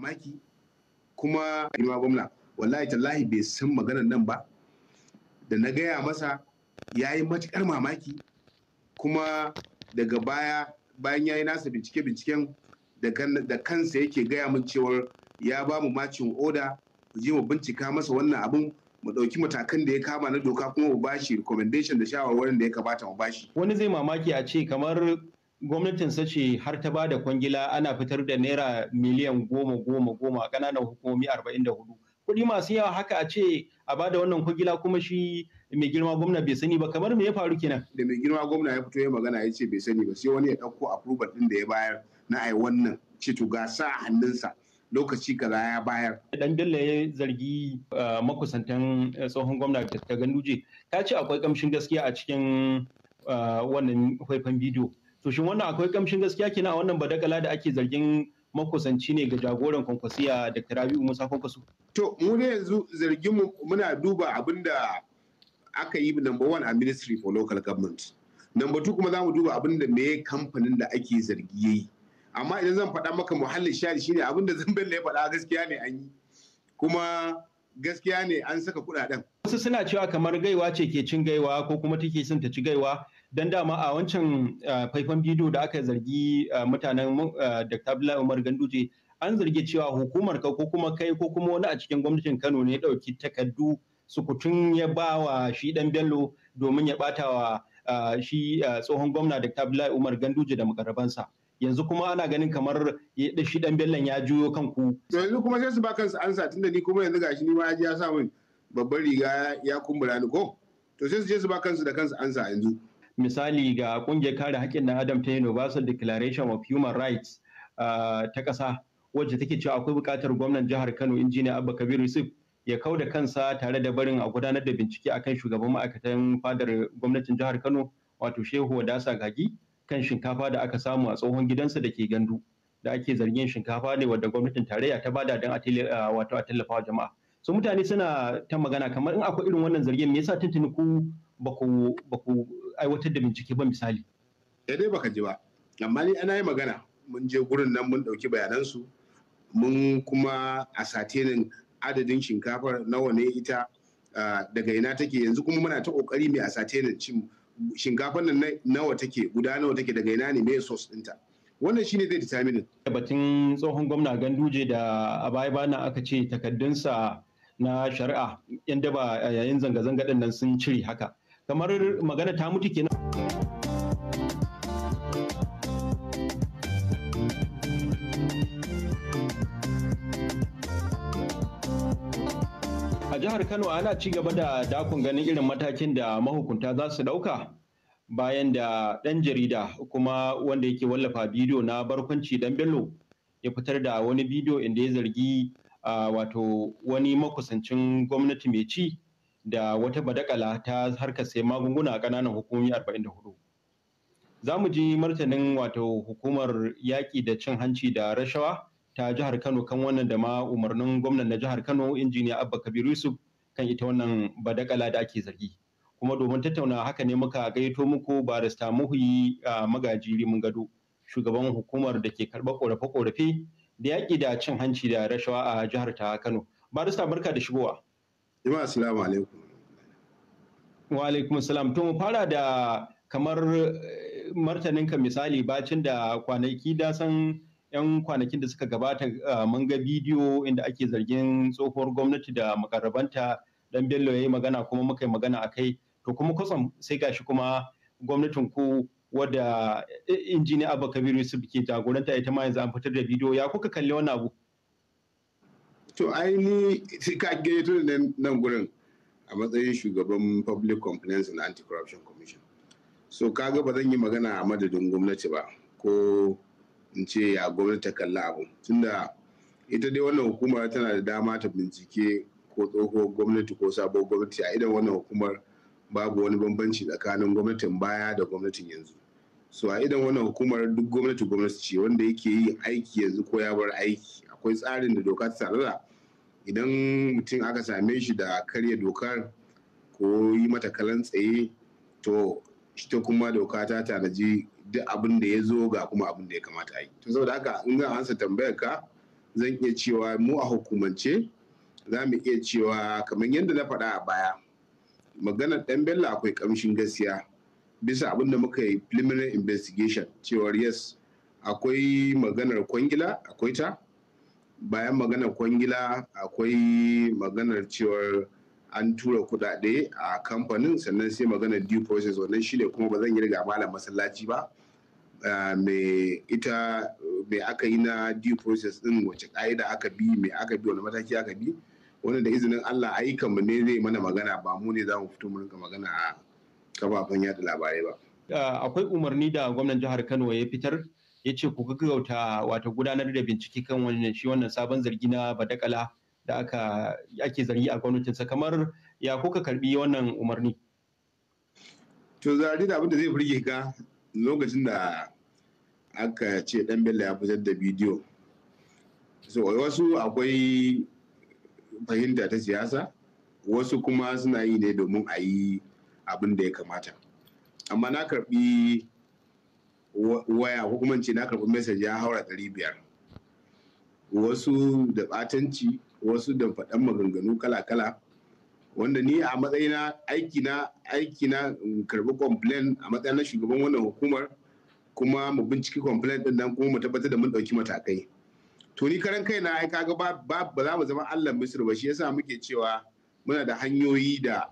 mamaki kuma girma gwamna wallahi tallahi bai san maganar nan ba da na gaya masa ya yi matukar mamaki kuma daga baya bayan ya yi nasa bincike binciken da kansa yake gaya min cewar ya ba mu macin oda mu je mu bincika masa wannan abun mu ɗauki matakan da ya kama na doka kuma mu bashi recommendation da shawarwarin da ya kamata mu bashi. Wani zai mamaki a ce kamar Gwamnatin ce har ta ba da kwangila ana fitar da naira miliyan goma goma goma ƙananan hukumomi arba'in da hudu kuɗi masu yawa haka a ce a ba da wannan kwangila kuma shi mai girma gwamna bai sani ba kamar me ya faru kenan da mai girma gwamna ya fito ya magana ya ce bai sani ba sai wani ya ɗauko approval ɗin da ya bayar na ai wannan ce to ga sa a hannunsa lokaci kaza ya bayar. Dan Bello ya zargi eh, makusantan eh, tsohon gwamna ta Ganduje ta ce akwai kamshin gaskiya a cikin eh, wannan faifan bidiyo. to shin wannan akwai kamshin gaskiya kenan a wannan badakala da ake zargin makusanci ne ga jagoran kwankwasiya da rabi'u musa kwankwaso to mu ne yanzu zargin mu muna duba abin da aka yi number one a ministry for local government number two kuma za mu duba abin da me kamfanin da ake zargi ya yi amma idan zan faɗa maka muhallin shari shine abin da zan ya faɗa gaskiya ne an yi kuma gaskiya ne an saka kuɗaɗen wasu suna cewa kamar gaiwa ce ke cin gaiwa ko kuma take son ta ci gaiwa don dama a wancan faifan bidiyo da aka zargi mutanen Dr. Abdullahi Umar Ganduje an zargi cewa hukumar ka ko kuma kai ko kuma wani a cikin gwamnatin Kano ne ya ɗauki takardu sukutun ya ba wa shi dan Bello domin ya ɓata wa shi tsohon gwamna Dr. Abdullahi Umar Ganduje da makarabansa. yanzu kuma ana ganin kamar shi dan bellon ya juyo kan ku. yanzu kuma sai su ba kansu ansa tunda ni kuma yanzu gashi ni ma ya sa min babban riga ya kumbura ni ko to sai su je su ba kansu da kansu ansa yanzu misali ga kungiyar kare haƙƙin na adam ta universal declaration of human rights ah, ta ƙasa wacce take cewa akwai buƙatar gwamnan jihar kano injiniya abba kabir yusuf ya kau da kansa tare da barin a gudanar da bincike akan shugaban ma'aikatan fadar gwamnatin jihar kano wato shehu wadasa gagi kan shinkafa da aka samu a tsohon gidansa da ke gandu da ake zargin shinkafa ne wadda gwamnatin tarayya ta bada don ah, wato a tallafa wa jama'a Su mutane suna ta magana kamar in akwai irin wannan zargin me yasa tuntuni ku ba ku aiwatar da bincike ba misali sai eh, dai baka ji ba amma ni ana yi magana mun je gurin nan mun ɗauki bayanansu mun kuma a satinin adadin shinkafar nawa ne ita daga ina take yanzu kuma muna ta kokari mai a satinin cin shinkafar nan nawa take guda nawa take daga ina ne mai sos ɗinta wannan shine zai determine batun tsohon gwamna ganduje da a baya bana aka ce takaddunsa na shari'a yan daba yayin zanga-zanga ɗin nan sun cire haka kamar magana ta mutu kenan a jihar kano ana ci gaba da dakon ganin irin matakin da mahukunta za su dauka bayan da ɗan jarida kuma wanda yake wallafa bidiyo na barkwanci dan bello ya fitar da wani bidiyo inda ya zargi wato wani makusancin gwamnati mai ci da wata badakala ta harkar sai magunguna a ƙananan hukumomi 44. Za mu ji martanin wato hukumar yaƙi da cin hanci da rashawa ta jihar Kano kan wannan da ma umarnin gwamnan na jihar Kano injiniya Abba Kabir Yusuf kan ita wannan badakala da ake zargi. Kuma domin tattauna haka ne muka gaito muku barista muhi a magaji mun gado shugaban hukumar da ke karba ƙorafe-ƙorafe da yaƙi da cin hanci da rashawa a jihar ta Kano. Barista barka da shigowa. Jama'a assalamu alaikum. Wa alaikum assalam. To mu fara da kamar eh, martanin ka misali bacin da kwanaki da san 'yan kwanakin da suka gabata eh, mun ga bidiyo inda ake zargin tsohuwar gwamnati da makarabanta dan bello yayi magana kuma muka yi magana a to kuma kusan sai gashi kuma gwamnatin ku wadda eh, injiniya abba kabiru su ke jagoranta ita ma yanzu an fitar da bidiyo ya kuka kalli wani abu to aini ni ka gaito da nan gurin a matsayin shugaban public complaints and anti-corruption commission so kaga ba zan yi magana a madadin gwamnati ba ko in ce ya gwamnati ta kalla abu tunda ita dai wannan hukumar tana da dama ta bincike ko tsoho gwamnati ko sabuwar gwamnati a idan wannan hukumar babu wani bambanci tsakanin gwamnatin baya da gwamnatin yanzu so a idan wannan hukumar duk gwamnati gwamnati ce wanda yake yi aiki yanzu ko ya bar aiki akwai tsarin da doka ta tsarara idan mutum aka same shi da karya dokar ko yi mata kalan tsaye to ita kuma doka ta tanaji duk abin da ya zo ga kuma abin da ya kamata yi to saboda haka in ga ansa tambayar ka zan iya cewa mu a hukumance za mu iya cewa kamar yadda na faɗa a baya maganar ɗan bello akwai ƙamshin gaskiya bisa abin da muka yi preliminary investigation cewar yes akwai maganar kwangila akwai ta bayan maganar kwangila akwai maganar cewar an tura kudade a kamfanin sannan sai maganar due process wannan shine kuma ba zan yi riga malam masallaci ba ah, me ita me aka yi na due process din wace ka'ida aka bi me aka bi wani mataki aka bi wani da izinin Allah aikan mu ne zai mana magana ba mu ne za mu fito mu rinka magana a kafafen yada labarai ba ah, akwai umarni da gwamnan jihar Kano ya fitar ya ce ku gaggauta wata gudanar da bincike kan wani shi wannan sabon zargi na badakala da aka ake zargi a gwamnatinsa kamar ya kuka karbi wannan umarni to zari da abinda zai burge ka lokacin da aka ce dan bello ya fitar da bidiyo so wasu akwai fahimta ta siyasa wasu kuma suna yi ne domin a yi abin da ya kamata amma na karbi waya ko kuma ce na karɓi message ya haura ɗari biyar wasu da ɓatanci wasu da faɗan maganganu kala-kala wanda ni a matsayina aiki na aiki na karɓi complain a matsayin na shugaban wannan hukumar kuma mu binciki complain ɗin nan kuma mu tabbatar da mun ɗauki matakai to ni karan kai na aika ga ba za mu zama Allah Misir ba shi yasa muke cewa muna da hanyoyi da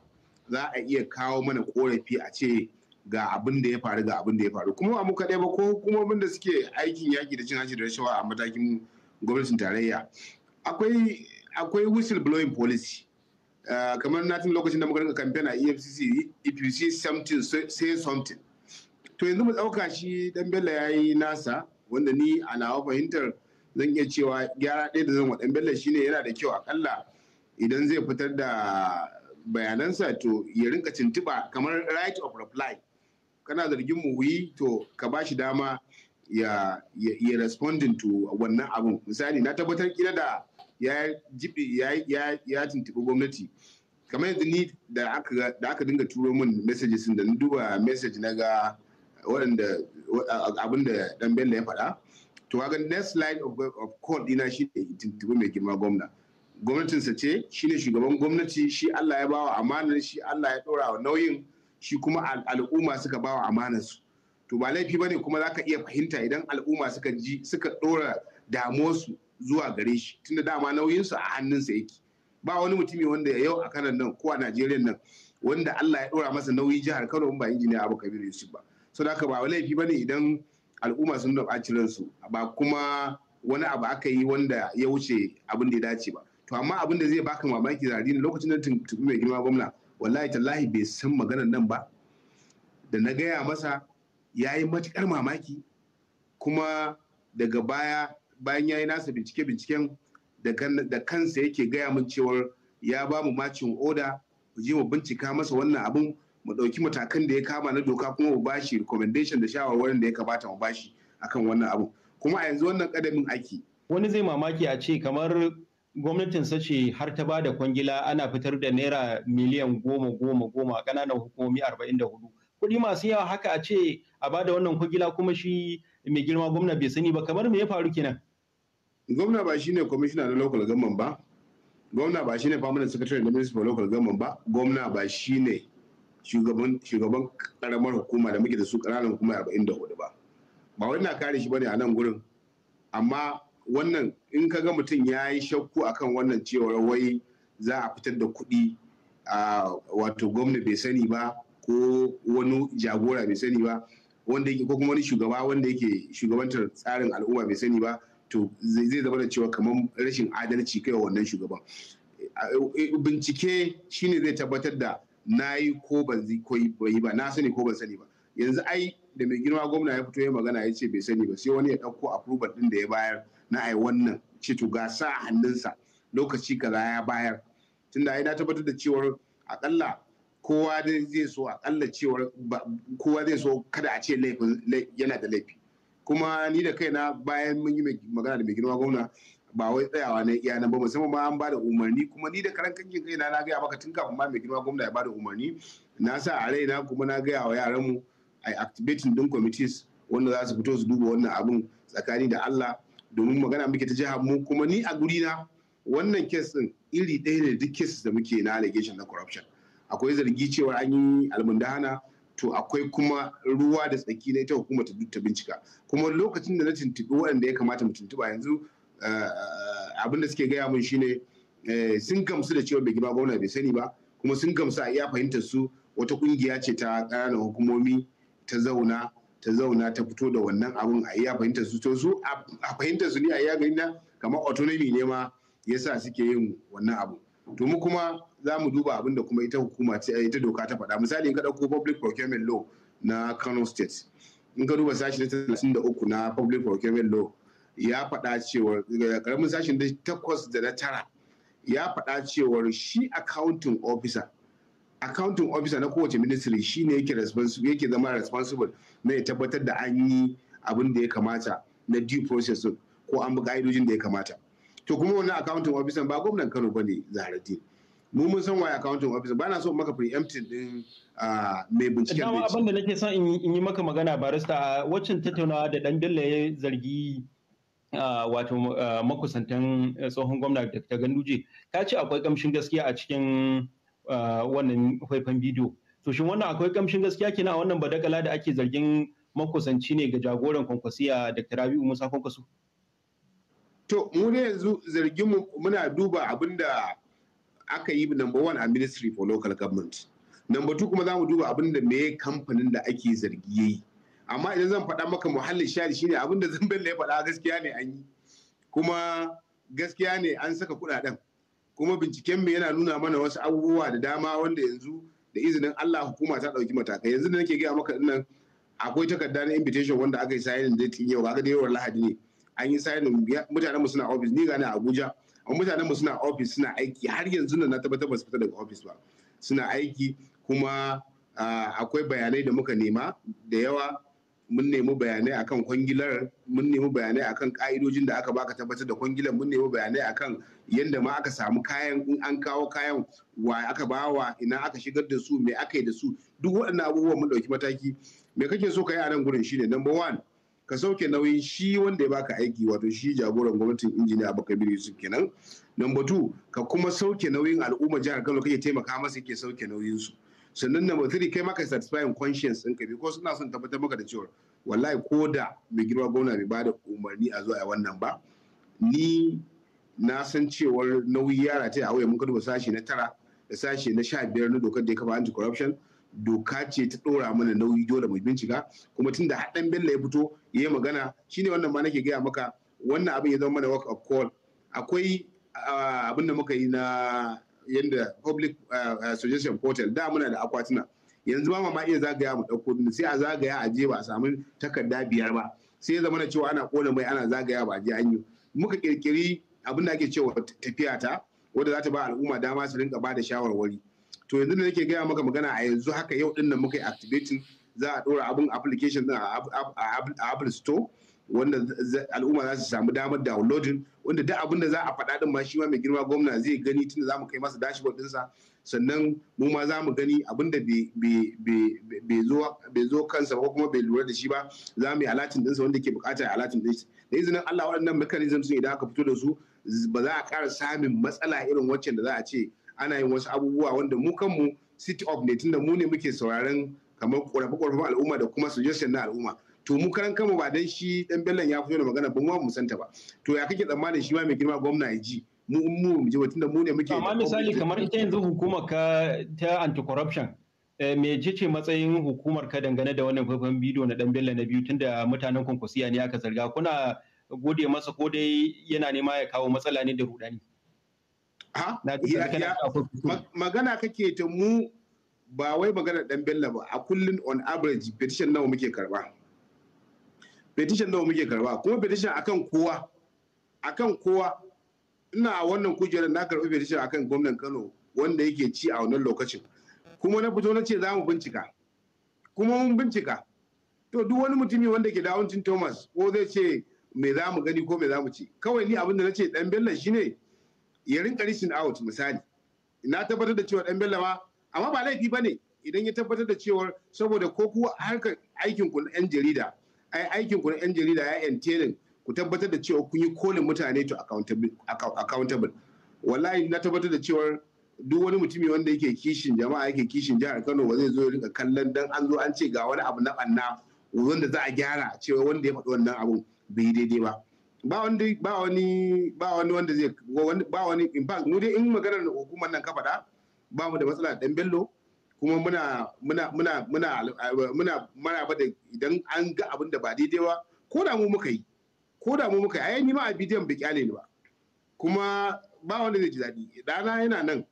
za a iya kawo mana korafi a ce ga abin da ya faru ga abin da ya faru kuma a muka ɗaya ba ko hukumomin da suke aikin yaƙi da cin hanci da rashawa a matakin gwamnatin tarayya akwai akwai whistle blowing policy ah, kamar na tun lokacin da muka rinka campaign a EFCC if you see something say something to yanzu mu ɗauka shi dan Bello yayi nasa wanda ni a nawa fahimtar zan iya cewa gyara ɗaya da zan wa dan Bello shine yana da kyau akalla idan zai fitar da bayanansa to ya rinka cintiba kamar right of reply kana zargin mu wuyi to ka ba shi dama ya ya responding to wannan abun misali na tabbatar kila da ya jibi ya ya tuntubi gwamnati kamar yanzu ni da aka dinga turo min messages da ni duba message na ga waɗanda abin da dan bello ya faɗa to ga next line of, of call dina shi tuntubi mai girma gwamna gwamnatinsa ce shine shugaban gwamnati shi Allah ya bawa amanar shi Allah ya ɗora wa nauyin shi kuma al'umma suka bawa amanarsu to ba laifi bane kuma zaka iya fahimta idan al'umma suka ji suka dora damuwarsu zuwa gare shi tunda dama nauyinsu a hannun hannunsa yake ba wani mutumi wanda yau a kanan nan ko a Najeriya nan wanda Allah ya dora masa nauyi jihar Kano ba injiniya Abu Kabir Yusuf ba so da ba laifi bane idan al'umma sun da bacin su. ba kuma wani abu aka yi wanda ya wuce abin da ya dace ba to amma abin da zai baka mamaki zari lokacin da tuntuɓi mai girma gwamna wallahi tallahi bai san maganar nan ba da na gaya masa ya yi matukar mamaki kuma daga baya bayan ya yi nasa bincike-binciken da kansa yake gaya min cewar ya ba mu macin oda mu je mu bincika masa wannan abin mu ɗauki matakan da ya kama na doka kuma mu bashi recommendation da shawarwarin da ya kamata mu bashi akan wannan abin kuma a yanzu wannan kadamin aiki. wani zai mamaki a ce kamar sa ce har ta bada kwangila ana fitar da naira miliyan goma goma goma a ƙananan hukumomi arba'in da hudu kuɗi masu yawa haka a ce a bada wannan kwangila kuma shi mai girma gwamna bai sani ba kamar me ya faru kenan gwamna ba shine kwamishina na local government ba gwamna ba shine permanent secretary na municipal local government ba gwamna ba shine shugaban shugaban karamar hukuma da muke da su ƙananan hukuma arba'in da hudu ba ba wani na kare shi bane a nan gurin amma wannan in ka ga mutum ya yi shakku akan wannan cewar wai za a fitar da kuɗi a wato gwamna bai sani ba ko wani jagora bai sani ba wanda yake ko kuma wani shugaba wanda yake shugabantar tsarin al'umma bai sani ba to zai zama da cewa kamar rashin adalci kai wannan shugaban bincike shine zai tabbatar da na yi ko ban yi ba na sani ko ban sani ba yanzu ai da mai girma gwamna ya fito ya magana ya ce bai sani ba sai wani ya ɗauko approval ɗin da ya bayar na ai wannan ce to ga sa hannunsa lokaci kaza ya bayar tunda ai na tabbatar da cewar akalla kowa zai so akalla cewar kowa zai so kada a ce laifin yana da laifi kuma ni da kaina bayan mun yi magana da mai girma gwamna ba wai tsayawa na iya nan ba musamman ma an ba da umarni kuma ni da karan kankin kaina na gaya maka tun kafin ma mai girma gwamna ya ba da umarni na sa a raina kuma na gaya wa yaran mu ai activating din committees wanda za su fito su duba wannan abun tsakani da Allah domin magana muke ta jihar mu kuma ni a guri na wannan kes din iri ɗaya ne duk kes da muke na allegation na corruption akwai zargi cewa an yi almundana to akwai kuma ruwa da tsaki na ita hukumar ta ta bincika kuma lokacin da na tuntuɓi waɗanda ya kamata mu tuntuɓa yanzu eh, abin da suke gaya mun shine eh, sun gamsu da cewa bai gima gwamna bai sani ba kuma sun gamsu a iya fahimtar su wata kungiya ce ta ƙananan hukumomi ta zauna ta zauna ta fito da wannan abun a iya fahimta su to su a fahimta su ne a iya ganin kamar autonomy ne ma ya sa suke yin wannan abu to mu kuma za mu duba abin da kuma ita hukuma ce ita doka ta faɗa misali in ka ɗauko public procurement law na Kano state in ka duba sashi na 33 na public procurement law ya faɗa cewar karamin sashi na 8 da na tara ya faɗa cewar shi accounting officer accounting officer na kowace ministry ne yake responsible yake zama responsible na ya tabbatar da an yi abin da ya kamata na due process ko an bi ka'idojin da ya kamata to kuma wannan accounting officer ba gwamnan Kano bane Zahradi mu mun san waye accounting officer ba na so maka preempting din mai binciken da abin da nake son in yi maka magana barista waccan tattaunawa da dan Bello ya zargi wato makusantan eh, tsohon gwamna da Ganduje ka ce akwai kamshin gaskiya a cikin Ah, wannan faifan bidiyo to shin wannan akwai kamshin gaskiya kenan a wannan badakala da ake zargin makusanci ne ga jagoran kwankwasiya da Rabi'u Musa Kwankwaso to mu ne yanzu zargin mu muna duba abin da aka yi number one a ministry for local government number two kuma za mu duba abin da me kamfanin da ake zargi yayi amma idan zan faɗa maka muhallin shari shine abin da zan ya faɗa gaskiya ne an yi kuma gaskiya ne an saka kuɗaɗen kuma binciken mu yana nuna mana wasu abubuwa da dama wanda yanzu da izinin Allah hukuma ta ɗauki matakai yanzu da nake gaya maka dinnan akwai takarda na invitation wanda aka yi sayanin da tin yau ga da yawan lahadi ne an yi sayanin mutanen mu suna office ni gane Abuja amma mutanen mu suna office suna aiki har yanzu nan na tabbatar ba su fita daga office ba suna aiki kuma ah, akwai bayanai da muka nema da yawa mun nemi bayanai akan kwangilar mun nemi bayanai akan ka'idojin da aka baka tabbatar da kwangilar mun nemi bayanai akan yadda ma aka samu kayan in an kawo kayan wa aka bawa ina aka shigar da su me aka yi da su duk waɗannan abubuwan mun ɗauki mataki me kake so ka yi a nan gurin shine number one ka sauke nauyin shi wanda ya baka aiki wato shi jagoran gwamnatin injiniya abu kabiru yusuf kenan number two ka kuma sauke nauyin al'umma jihar kano kake taimaka masa yake sauke nauyin su. sannan na three kai maka satisfying conscience ɗinka ko suna son tabbatar maka da cewa wallahi ko da mai girma gwamna bai ba da umarni a zuwa wannan ba ni na san cewar nauyi yara ta yawo mun duba sashi na tara da sashi na sha biyar na dokar da ya kafa anti corruption doka ce ta ɗora mana nauyi dole mai bincika kuma tunda haɗan bella ya fito ya yi magana shine wannan ma nake gaya maka wannan abin ya zama mana work of call akwai ah, abin da muka yi na yadda public eh, eh, suggestion portal da muna da akwatuna yanzu ba ma iya zagaya mu ɗauko sai a zagaya a je ba a samu takarda biyar ba sai ya zama cewa ana kona mai ana zagaya ba a je an yi muka kirkiri abin da ake cewa tafiya ta wanda za ta ba al'umma dama su rinka ba da shawarwari to yanzu da nake gaya maka magana a yanzu haka yau din nan muka yi activating za a ɗora abin application din a Apple Store wanda al'umma za su samu damar downloading wanda duk abin da za a faɗa din ma shi ma mai girma gwamna zai gani tunda za mu kai masa dashboard ɗinsa sannan mu ma za mu gani abin da bai zo kansa ko kuma bai lura da shi ba za mu yi alatin ɗinsa wanda ke buƙatar alatin ɗinsa da izinin Allah waɗannan mechanism sun idan aka fito da su ba za a ƙara samun matsala irin waccan da za a ce ana yin wasu abubuwa wanda mu kanmu city of ne tunda mu ne muke sauraron kamar ƙorafe-ƙorafen al'umma da kuma suggestion na al'umma to mu karan kama ba dan shi dan bellan ya fito da magana ba mu mu ta ba to ya kake tsammanin shi ma mai girma gwamna ya ji mu mu mu ji da mu ne muke amma misali kamar ita yanzu hukumar ka ta anti corruption eh, me ji ce matsayin hukumar ka dangane da wannan faifan bidiyo na dan bellan na biyu tunda mutanen konkursiya ne aka zarga kuna gode masa ko dai yana nema ya kawo matsala ne da rudani ha magana kake ta mu ba wai magana dan bella ba a kullun on average petition nawa muke karba petition nawa muke karba kuma petition akan kowa akan kowa ina a wannan kujerar na karbi petition akan gwamnan Kano wanda yake ci a wannan lokacin kuma na fito na ce za mu bincika kuma mun bincika to duk wani mutumi wanda ke dawancin Thomas ko zai ce me za mu gani ko me za mu ci kawai ni abin da na ce dan bello shine ya rinka rishin out misali na tabbatar da cewa dan bello ma amma ba laifi bane idan ya tabbatar da cewa saboda ko kuwa harkar aikin ku yan jarida ai aikin ku na yan jarida ya yan entailing ku tabbatar da cewa kun yi kolin mutane to accountable wallahi na tabbatar da cewa duk wani mutumi wanda yake kishin jama'a yake kishin jihar Kano ba zai zo ya rika kallon dan an zo an ce ga wani abu na banna wanda za a gyara cewa wanda ya faɗi wannan abun bai daidai ba ba wani ba wani ba wani wanda zai ba wani in fact mu dai in maganar hukumar nan ka faɗa ba mu da matsala dan bello kuma muna muna muna muna muna muna bada idan an ga abin da ba daidai ba ko da mu muka yi ko da mu muka yi ai ni ma a bidiyon bai kyale ni ba kuma ba wanda zai ji daɗi dana yana nan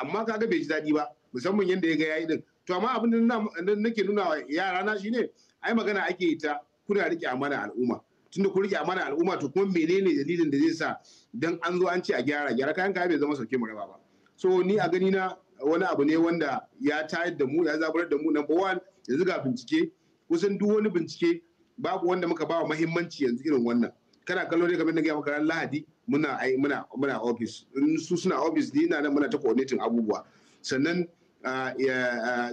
amma kaga bai ji daɗi ba musamman yadda ya ga yayi din to amma abin da nake nuna wa yara na shine ai magana ake ta kuna rike amana al'umma tunda ku rike amana al'umma to kuma menene dalilin da zai sa dan an zo an ce a gyara gyara kayan kaya bai zama sauke mu raba ba so ni a gani na wani abu ne wanda ya tayar da mu ya zaburar da mu na one yanzu ga bincike kusan duk wani bincike babu wanda muka ba wa mahimmanci yanzu irin wannan kana kallon ne kamar na gaya maka ran lahadi muna ai muna muna office in su suna office ni na nan muna ta coordinating abubuwa sannan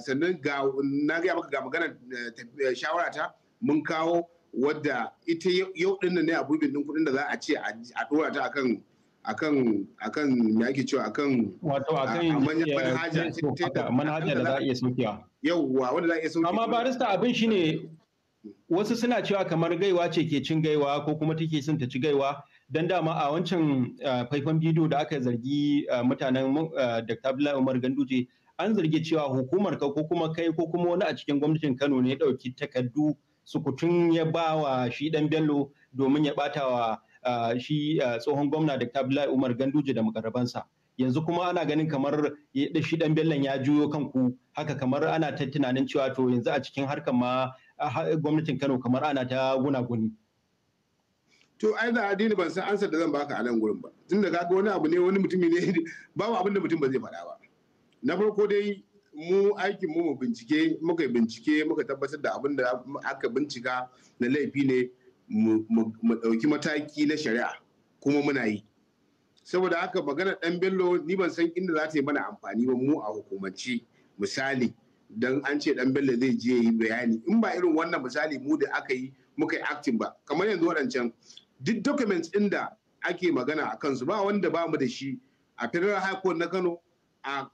sannan ga na gaya maka ga magana eh, eh, shawara ta mun kawo wadda ita yau din ne a gurbin din kudin da za a ce a dora ta akan akan akan me cewa akan wato manhaja da za a iya sokiya yauwa wanda za a iya sokiya amma barista abin shine wasu suna cewa kamar gaiwa ce ke cin gaiwa ko kuma take son ta ci gaiwa dan dama a wancan eh, faifan bidiyo da aka zargi eh, mutanen eh, Dr. Abdullahi Umar Ganduje an zargi cewa hukumar ka ko kuma kai ko kuma wani a cikin gwamnatin Kano ne ya dauki takardu sukutun ya bawa shi dan Bello domin ya wa. shi tsohon gwamna da Abdullahi Umar Ganduje da makarabansa yanzu kuma ana ganin kamar shi dan bellon ya juyo kan ku haka kamar ana ta tunanin cewa to yanzu a cikin harkar ma gwamnatin Kano kamar ana ta gunaguni. To ai da addini ban san ansar da zan baka a nan gurin ba tun da kaga wani abu ne wani mutumi ne babu abin da mutum ba zai faɗa ba. Na farko dai mu aikin mu mu bincike muka bincike muka tabbatar da abin da aka bincika na laifi ne mu ɗauki mataki na shari'a kuma muna yi saboda haka magana ɗan bello ni ban san inda za ta yi mana amfani ba mu a hukumance misali don an ce ɗan bello zai je yi bayani in ba irin wannan misali mu da aka yi muka yi acting ba kamar yanzu waɗancan duk documents ɗin da ake magana a kansu ba wanda ba mu da shi a federal high court na kano a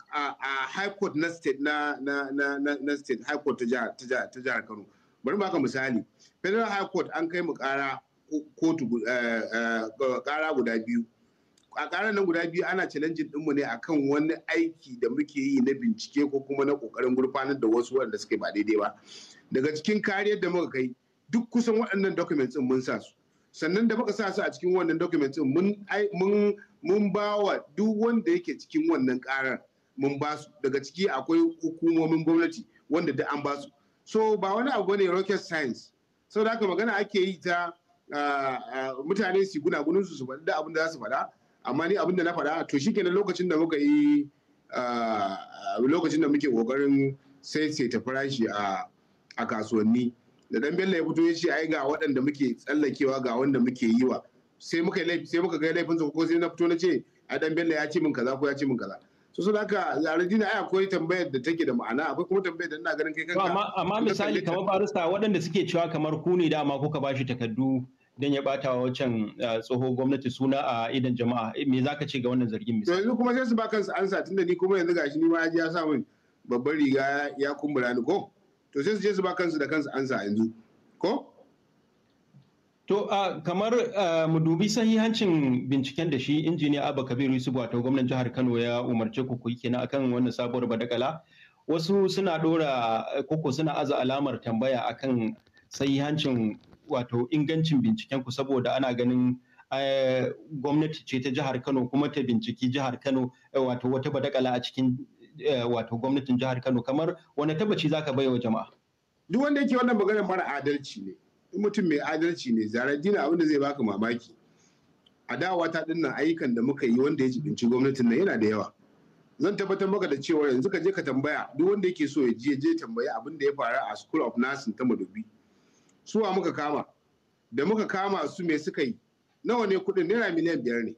high court na state na state high court ta jihar kano bari mu baka misali federal high court an kai mu kara kotu kara eh, eh, guda biyu a karar nan guda biyu ana challenge dinmu ne akan wani aiki da muke yi na bincike ko kuma na kokarin gurfanar da wasu wanda suke ba daidai ba daga cikin kariyar da muka kai duk kusan waɗannan documents din mun sa su sannan da muka sa su a cikin wannan documents din mun mun mun bawa duk wanda yake cikin wannan karar mun ba su daga ciki akwai hukumomin gwamnati wanda da an ba su so ba wani abu ne rocket science sau da haka magana ake yi ta mutane su gunagunin su su faɗi da abin da za su faɗa amma ni abin da na faɗa to shi kenan lokacin da muka yi lokacin da muke sai ta farashi a kasuwanni da dan bello ya fito ya ce ai ga waɗanda muke tsallakewa ga wanda muke yi wa sai muka kai laifin ga ko sai na fito na ce a dan bello ya ce min kaza ko ya ce min kaza to so haka jina ai akwai tambayar da take da ma'ana akwai kuma tambayar da ina ganin kai kanka amma misali kamar barista waɗanda suke cewa kamar ku ne dama kuka bashi takardu don ya bata wa wancan eh, tsoho gwamnati suna a idan jama'a eh, me zaka ce ga wannan zargin misali yanzu kuma sai su ba kansu ansa tunda ni kuma yanzu gashi ni ma ya ya sa min babban riga ya kumbura ni ko to sai su je su ba kansu da kansu ansa yanzu ko To kamar mu dubi sahihancin binciken da shi injiniya Abba Kabiru Yusuf wato gwamnan jihar Kano ya umarce ku kuyi kenan akan wannan sabuwar badakala wasu suna dora koko suna aza alamar tambaya akan sahihancin wato ingancin binciken ku saboda ana ganin gwamnati ce ta jihar Kano kuma ta binciki jihar Kano eh, wato wata badakala a cikin eh, wato gwamnatin jihar Kano kamar wani tabbaci zaka wa jama'a duk wanda yake wannan maganar mara adalci ne mutum mai adalci ne zara abin da zai baka mamaki a dawa ta dinnan ayyukan da muka yi wanda ya jibinci gwamnatin nan yana da yawa zan tabbatar maka da cewa yanzu ka je ka tambaya duk wanda yake so ya je je tambaya abin da ya faru a school of nursing ta madobi suwa muka kama da muka kama su me suka yi nawa ne kudin naira miliyan biyar ne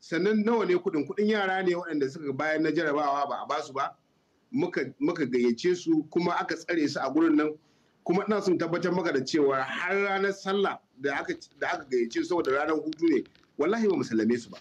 sannan nawa ne kudin kudin yara ne waɗanda suka bayan na jarabawa ba a basu ba muka gayyace su kuma aka tsare su a gurin nan kuma ina son tabbatar maka da cewa har ranar sallah da aka da aka gayyace saboda ranar hutu ne wallahi ba mu su ba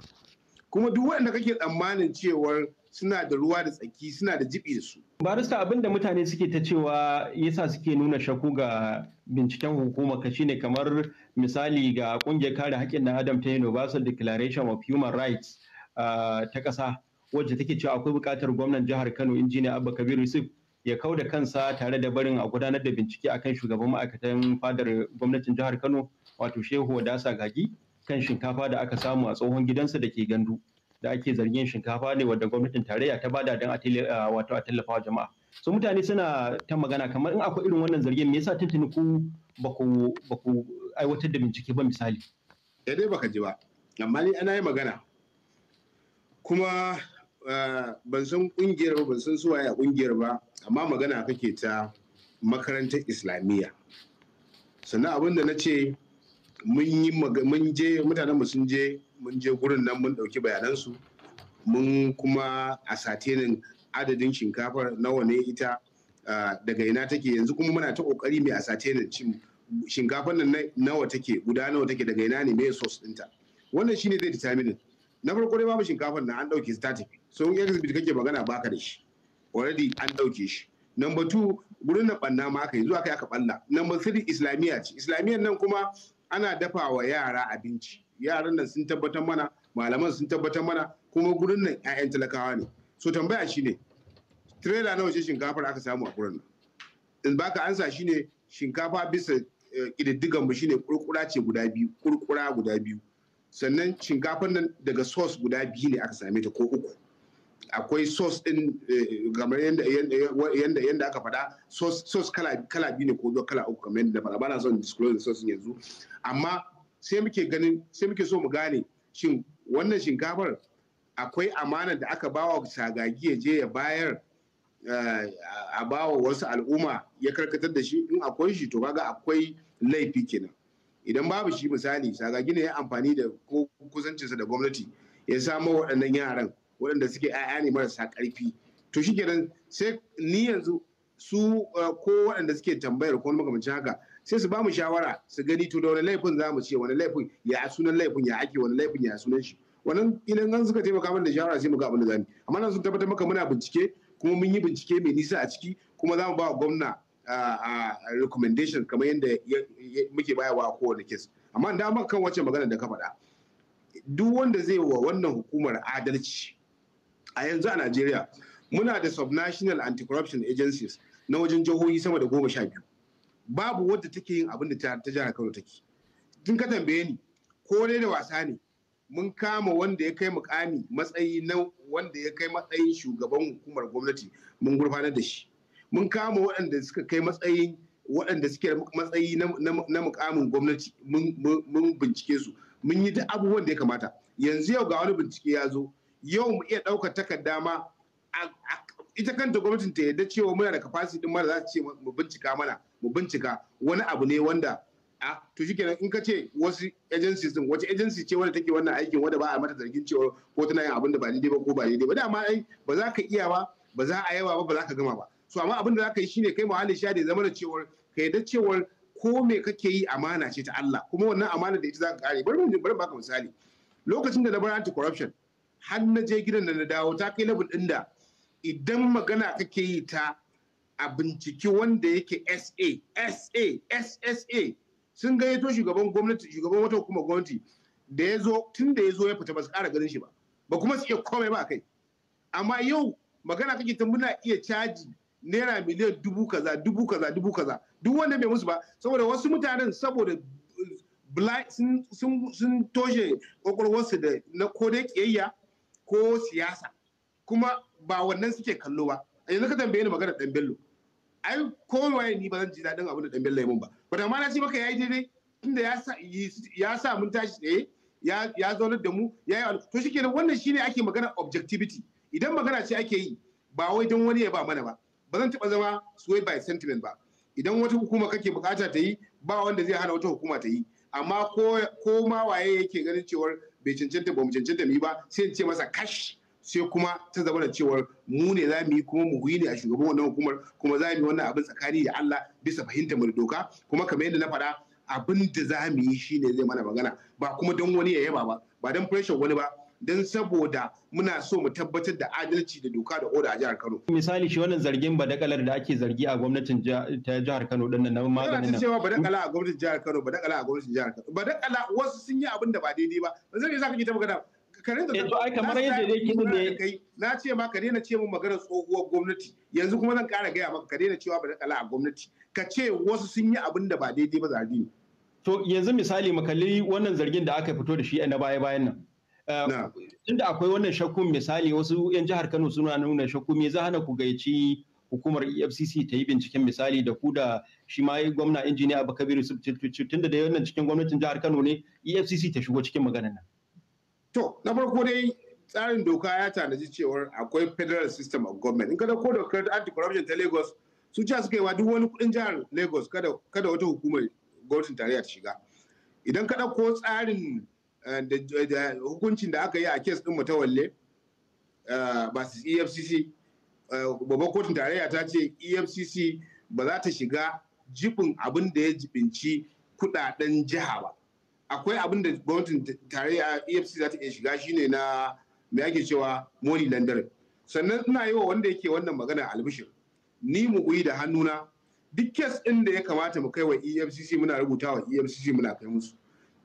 kuma duk waɗanda kake tsammanin cewa suna da ruwa da tsaki suna da jibi da su. barista abin da mutane suke ta cewa yasa suke nuna shakku ga binciken hukuma ka shine kamar misali ga kungiyar kare haƙƙin na adam ta universal declaration of human rights ah, ta ƙasa wacce take cewa akwai buƙatar gwamnan jihar kano injiniya abba kabir yusuf ya kau da kansa tare da barin a gudanar da bincike akan shugaban ma'aikatan fadar gwamnatin jihar Kano wato Shehu Wadasa Gagi kan shinkafa da aka samu a tsohon gidansa da ke gandu da ake zargin shinkafa ne wadda gwamnatin tarayya ta bada don wato a tallafa wa jama'a so mutane suna ta magana kamar in akwai irin wannan zargin me yasa tuntuni ku ba ku aiwatar da bincike ba misali da eh, dai baka ji ba amma ni ana yi magana kuma Eh, ban san kungiyar ba ban san suwaye a kungiyar ba amma magana kake ta makarantar islamiyya sannan abin da na ce mun yi mun je mutanen mu sun je mun je gurin nan mun ɗauki bayanansu mun kuma a satenin adadin shinkafar nawa ne ita eh, daga ina take yanzu kuma muna ta kokari mai a satenin cin shinkafar nan nawa take guda nawa take daga ina ne mai sos ɗinta wannan shine zai determine na farko dai babu shinkafar na an dauke su ta tafi so in exhibit kake magana baka da shi already an dauke shi number two gurin na banna ma aka yi zuwa kai aka balla number three islamiyya ce islamiyyar nan kuma ana dafa wa yara abinci yaran nan sun tabbatar mana malaman sun tabbatar mana kuma gurin nan ƴaƴan talakawa ne so tambaya shine trailer nawa ce shinkafar aka samu a gurin nan in baka ansa shine shinkafa bisa kididdigan eh, mu shine kurkura ce guda biyu kurkura guda biyu sannan shinkafar nan daga source guda biyu ne aka same ta ko uku akwai source din eh, kamar yadda yadda aka faɗa source kala biyu ne ko zuwa kala uku kamar yadda faɗa ba son disclose source yanzu amma sai muke ganin sai muke so mu gane shin wannan shinkafar akwai amana da aka bawa sagagi ya je ya bayar eh, a bawa wasu al'umma ya karkatar da shi in akwai shi to kaga akwai laifi kenan idan babu shi misali sagagi gina ya amfani da kusancinsa da gwamnati ya samo waɗannan yaran waɗanda suke 'ya'ya ne marasa ƙarfi to shi kenan sai ni yanzu su eh, ko waɗanda suke tambayar ko makamancin haka sai su ba mu shawara su gani to da wani laifin za mu ce wani laifin ya sunan laifin ya ake wani laifin ya sunan shi wannan idan an suka taimaka mana da shawara sai mu ga abin da zamu amma nan sun tabbatar maka muna bincike kuma mun yi bincike mai nisa a ciki kuma za mu ba gwamna a recommendation kamar yadda muke bayawa a kowane kes amma dama kan wacce magana da ka faɗa duk wanda zai wa wannan hukumar adalci a yanzu a Najeriya muna da subnational anti-corruption agencies na wajen jihohi sama da goma sha biyu babu wadda take yin abin da ta jihar Kano take tun ka tambaye ni ko dai da wasa ne mun kama wanda ya kai mukami matsayi na wanda ya kai matsayin shugaban hukumar gwamnati mun gurfanar da shi mun kama waɗanda suka kai matsayi waɗanda suke matsayi na mukamin gwamnati mun bincike su mun yi duk abubuwan da ya kamata yanzu yau ga wani bincike ya zo yau mu iya ɗaukar takarda ma ita kanta gwamnatin ta yadda cewa muna da kafasi din mara za su ce mu bincika mana mu bincika wani abu ne wanda a to shikenan in ka ce wasu agencies din wace agency ce wanda take wannan aikin wanda ba a mata zargin cewa ko tana yin abin da ba daidai ba ko ba daidai ba dama ai ba za ka iya ba ba za a yawa ba ba za ka gama ba so amma abin da zaka yi shine kai sha da zama da cewar ka yadda cewar ko me kake yi amana ce ta Allah kuma wannan amana da ita zaka kare bari mu bari baka misali lokacin da na bar anti corruption har na je gidan da na dawo ta kai level din da idan magana kake yi ta a binciki wanda yake SA SA SSA sun gayyato shugaban gwamnati shugaban wata hukumar gwamnati da ya zo tun da ya zo ya fita ba su kara ganin shi ba ba kuma su iya komai ba kai amma yau magana kake ta muna iya caji naira miliyan dubu kaza dubu kaza dubu kaza duk wanda bai musu ba saboda wasu mutanen saboda sun toshe kwakwalwarsu da na ko dai kiyayya ko siyasa kuma ba wannan suke kallo ba a yanzu ka tambaye ni magana dan bello ai ko waye ni ba zan ji dadin abin da dan bello ya mun ba ba ma na ce maka yayi daidai tunda ya sa mun tashi tsaye ya zauna da mu ya yi to shikenan wannan shine ake magana objectivity idan magana ce ake yi ba wai don wani ya ba mana ba ba zan taɓa zama sway by sentiment ba idan wata hukuma kake bukata ta yi ba wanda zai hana wata hukuma ta yi amma ko ma waye yake ganin cewar bai cancanta ba mu cancanta mu yi ba sai in ce masa kash sai kuma ta zama da cewar mu ne za mu yi kuma mu ne a shugaban wannan hukumar kuma za mu yi wannan abin tsakani da Allah bisa fahimta mu da doka kuma kamar yadda na faɗa abin da za mu yi shine zai mana magana ba kuma don wani ya yaba ba ba don pressure wani ba don saboda muna so mu tabbatar da adalci da doka da oda a jihar Kano. Misali shi wannan zargin badakalar da ake zargi a gwamnatin ta jihar Kano din nan maganin nan. cewa badakala a gwamnatin jihar Kano badakala a gwamnatin jihar Kano badakala wasu sun yi abin da ba daidai ba. Yanzu ne zaka ji ta magana karin da eh, to ai kamar yadda dai kin ne na ce ma ka daina ce mun magana tsohuwar gwamnati yanzu kuma zan ƙara gaya maka ka daina cewa badakala a gwamnati ka ce wasu sun yi abin da ba daidai ba zargi. To yanzu misali mu kalli wannan zargin da aka fito da shi na baya-bayan nan. Eh, tunda akwai wannan shakkun misali wasu 'yan jihar Kano suna nuna shakku me za hana ku gaici hukumar EFCC ta yi binciken misali da ku da shi ma gwamna injiniya Abba Kabiru tunda da wannan cikin gwamnatin jihar Kano ne EFCC ta shigo cikin maganar nan. To, na farko dai tsarin doka ya tanaji cewar akwai federal system of government. In ka ko da anti-corruption ta Lagos su ci suka yi wa duk wani kudin jihar Lagos kada wata hukumar gwamnatin tarayya ta shiga. Idan ka ɗauko tsarin Eh, hukuncin da aka yi a kes ɗin mutawalle eh, ba su efcc eh, babba kotun tarayya ta ce efcc ba za ta shiga jibin abin da ya jibinci kudaden jiha ba akwai abin da gwamnatin tarayya efcc za ta iya shiga shine na mai ake cewa money laundering sannan ina yi wa wanda yake wannan magana albishir ni mu goyi da hannuna duk kes ɗin da ya kamata mu kai wa efcc muna rubuta wa efcc muna kai musu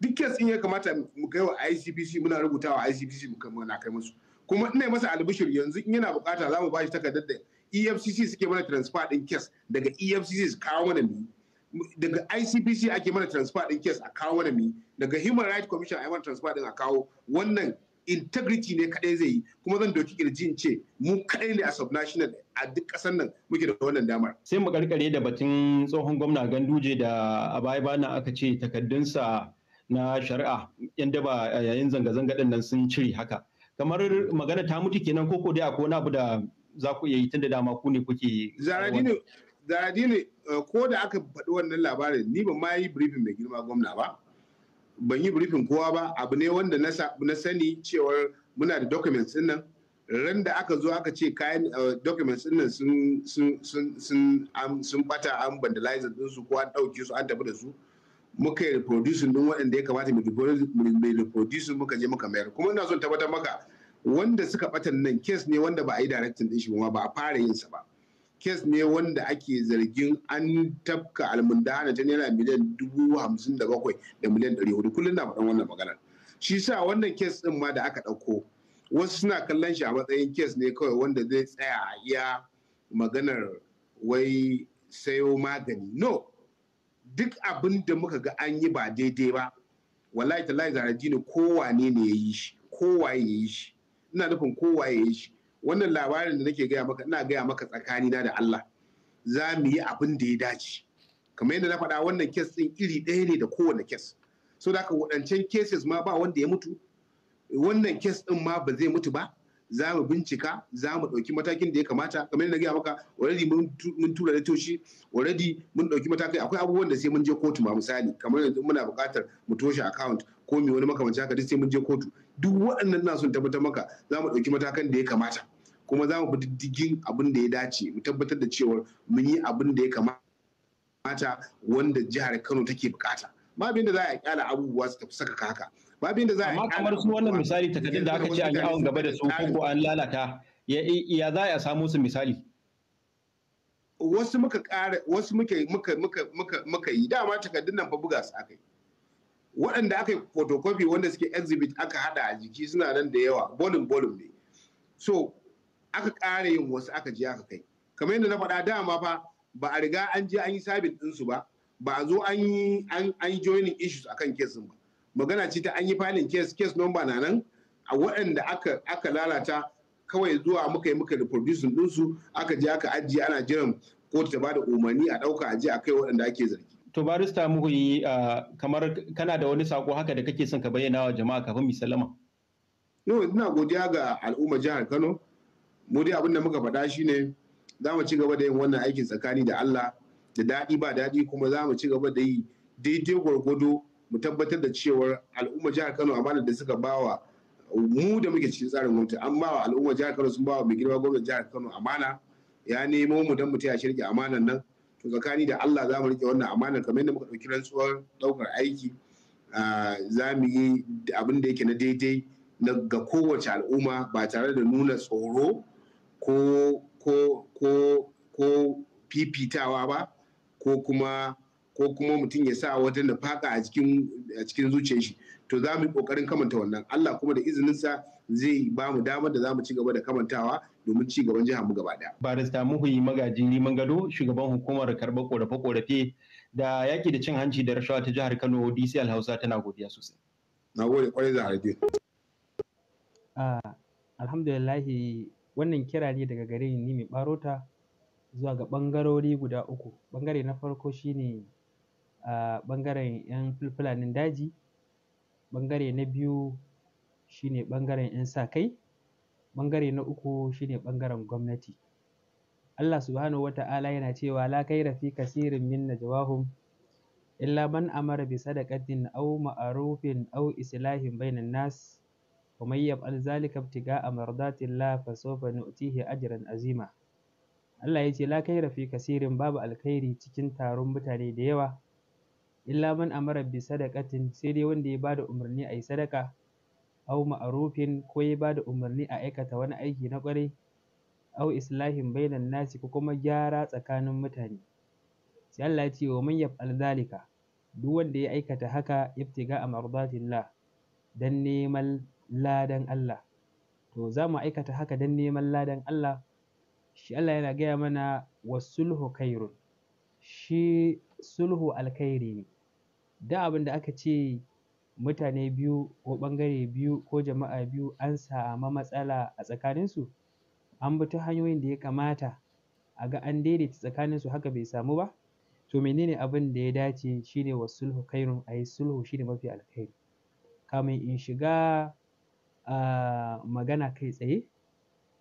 duk kes in ya kamata mu kai wa ICPC muna rubutawa ICPC mu kai muna kai musu kuma ina masa albishir yanzu in yana bukata za mu bashi takardar da EFCC suke mana transfer din kes daga EFCC su kawo mana mi daga ICPC ake mana transfer din kes a kawo mana mi daga Human Rights Commission ai mana transfer din a kawo wannan integrity ne kadai zai yi kuma zan doki kirjin ce mu kadai ne a subnational a duk kasar nan muke da wannan damar. Sai mu karkare da batun tsohon gwamna Ganduje da a bana aka ce takaddunsa na shari'a yan daba yayin zanga-zanga din nan sun cire haka kamar magana ta mutu kenan koko dai akwai wani abu da za ku iya yi tun da dama ku ne kuke zaradini eh, ko da aka faɗi wannan labarin ni ban ma yi briefin mai girma gwamna ba ban yi briefin kowa ba abu ne wanda na sani cewar muna da documents din nan ran da aka zo aka ce kayan eh, documents din nan sun bata an vandalizer din su ko an ɗauke su an tafi da su muka yi producing din waɗanda ya kamata mai reproducing muka je muka mayar kuma ina son tabbatar maka wanda suka batan nan kes ne wanda ba a yi directing din shi ba ba a fara yin sa ba kes ne wanda ake zargin an tabka almundana ta naira miliyan dubu hamsin da bakwai da miliyan ɗari hudu kullum na faɗan wannan maganar shi sa wannan kes din ma da aka ɗauko wasu suna kallon shi a matsayin kes ne kawai wanda zai tsaya a iya maganar wai sayo magani no duk abin da muka ga an yi ba daidai ba wallahi tallahi zaradini kowane ne ya yi shi kowaye ya yi shi ina nufin kowaye ya yi shi wannan labarin da nake gaya maka ina gaya maka tsakani na da Allah za mu yi abin da ya dace kamar yadda na faɗa wannan kes ɗin iri ɗaya ne da kowane kes so da ka waɗancan cases ma ba wanda ya mutu wannan kes ɗin ma ba zai mutu ba za mu bincika za mu ɗauki matakin da ya kamata kamar yadda gaya maka already mun tura da toshi already mun ɗauki matakai akwai abubuwan da sai mun je kotu ma misali kamar yanzu muna buƙatar mu toshe account ko me wani makamanci haka duk sai mun je kotu duk waɗannan na sun tabbatar maka za mu ɗauki matakan da ya kamata kuma za mu bi diddigin abin da ya dace mu tabbatar da cewa mun yi abin da ya kamata wanda jihar Kano take bukata ma abin da za a kyala abubuwa su tafi saka haka babin da za a amma kamar su wannan misali takardun da aka ce an yi awon gaba da su ko an lalata ya za a samu su misali wasu muka ƙara wasu muke muka muka muka muka yi dama takardun nan fa buga su akai waɗanda aka yi photocopy wanda suke exhibit aka hada a jiki suna nan da yawa bolin bolin ne so aka kara yin wasu aka je aka kai kamar yadda na faɗa dama fa ba a riga an je an yi sabin ɗinsu ba ba a zo an yi an joining issues akan kesin ba magana ce ta an yi filin case case number na nan a waɗanda aka lalata kawai zuwa muka yi muka reproducing ɗinsu aka je aka ajiye ana jiran kotu ta bada umarni a ɗauka aje a kai waɗanda ake zargi. To barista muku yi kamar kana da wani sako haka da kake son ka bayyana wa jama'a kafin misalama. No, ina godiya ga al'ummar jihar Kano. Mu dai abin da muka faɗa shine za mu ci gaba da yin wannan aikin tsakani da Allah da daɗi ba daɗi kuma za mu ci gaba da yi daidai gwargwado mu tabbatar da cewar al'umma jihar Kano amana da suka bawa mu da muke cikin tsarin gwamnati an bawa al'umma jihar Kano sun bawa mai girma gwamnatin jihar Kano amana ya nemo mu dan mu taya shi rike amanan nan to tsakani da Allah za mu rike wannan amanar kamar yadda muka dauki rantsuwar ɗaukar aiki za mu yi abin da yake na daidai ga kowace al'umma ba tare da nuna tsoro ko ko ko ko fifitawa ba ko kuma ko kuma mutum ya sa wata nafaka a cikin a cikin zuciyar shi to za mu yi kokarin kamanta wannan Allah kuma da izininsa zai ba mu damar da za mu ci gaba da kamantawa domin ci gaban jihar mu gaba daya. Barista yi Magaji Liman Gado shugaban hukumar karɓar korafe-korafe da yaƙi da cin hanci da rashawa ta jihar Kano dc alhausa tana godiya sosai. Na gode kwarai da harbe. alhamdulillah wannan kira daga gare ni mai barota zuwa ga bangarori guda uku. bangare na farko shine a ɓangaren 'yan fulfulanin daji ɓangare na biyu shine ɓangaren 'yan sa-kai ɓangare na uku shine ɓangaren gwamnati Allah subhanahu wata'ala yana cewa la kaira fi kasirin min na jawahun illa man amara bi sadaqatin aw ma'rufin aw islahin bainan nas wa may yaf'al zalika ibtiga'a mardatillah fa sawfa nu'tihi ajran azima Allah ya ce la kaira fi kasirin babu alkhairi cikin taron mutane da yawa illa man amara bi sadaqatin sai dai wanda ya bada umarni a yi sadaka aw ma'rufin ko ya bada umarni a aikata wani aiki na kwarai aw islahin bainan nasi ko kuma gyara tsakanin mutane sai Allah ya ce wa man yaf'al zalika duk wanda ya aikata haka ibtiga mardatillah dan neman ladan Allah to za mu aikata haka dan neman ladan Allah shi Allah yana gaya mana wasulhu khairun shi sulhu alkhairi ne duk abin da aka ce mutane biyu ko ɓangare biyu ko jama'a biyu an samu matsala a tsakaninsu an bi ta hanyoyin da ya kamata a ga an daidaita tsakaninsu haka bai samu ba to menene abin da ya dace shine wa sulhu kairun a yi sulhu shine mafi alkhairi kamin in shiga a magana kai tsaye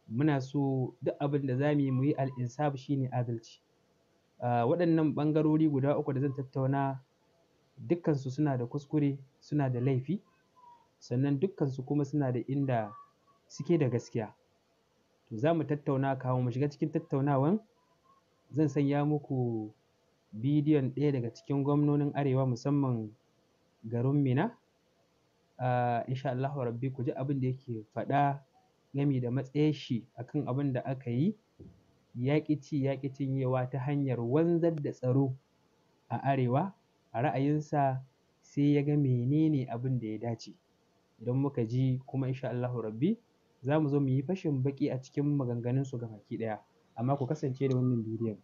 muna so duk abin da za mu yi mu yi al'insaf shine adalci waɗannan ɓangarori guda uku da zan tattauna dukkansu suna da kuskure suna da laifi sannan dukkansu kuma suna da inda suke da gaskiya to za mu tattauna kawo mu shiga cikin tattaunawan zan sanya muku bidiyon ɗaya daga cikin gwamnonin arewa musamman garin mina uh, ah, insha Allah rabbi ku ji abin da yake faɗa gami da matsayin shi akan abin da aka yi yaƙi ci yaƙi cinyewa ta hanyar wanzar da tsaro a arewa a ra'ayinsa sai ya ga menene abin da ya dace idan muka ji kuma insha Allahu rabbi za mu zo mu yi fashin baki a cikin maganganunsu gabaki ɗaya amma ku kasance da wannan bidiyon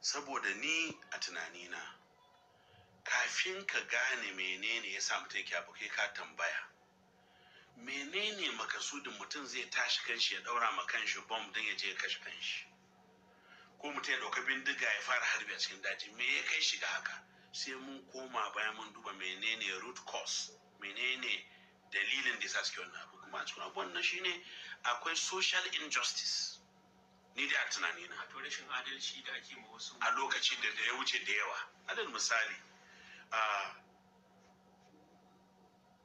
saboda ni a tunanina kafin ka gane menene ya sa mutum yake kai ka tambaya menene makasudin mutum zai tashi kanshi ya daura ma kanshi bom don ya je ya kashe kanshi ko mutum ya ɗauka bindiga ya fara harbi a cikin daji me ya kai shiga haka sai mun koma bayan mun duba menene root cause menene dalilin da ya sa suke wannan abu kuma a cikin abubuwan nan shine akwai social injustice ni da a tunani na to rashin adalci da ake ma wasu a lokacin da ya wuce da yawa adal misali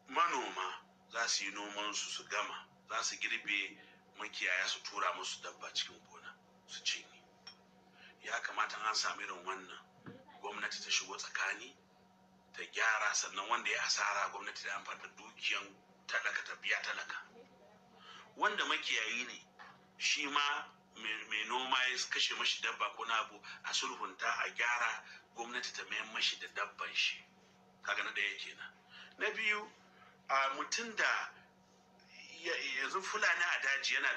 manoma za su yi noman su su gama za su girbe makiyaya su tura musu dabba cikin gona su cinye ya kamata an sami irin wannan gwamnati ta shigo tsakani ta gyara sannan wanda ya asara gwamnati da amfani da dukiyan talaka ta biya talaka wanda makiyayi ne shi ma mai noma ya kashe mashi dabba ko na abu a sulhunta a gyara gwamnati ta mayan mashi da dabban shi kaga na ɗaya kenan na biyu a mutum da yanzu fulani a daji yana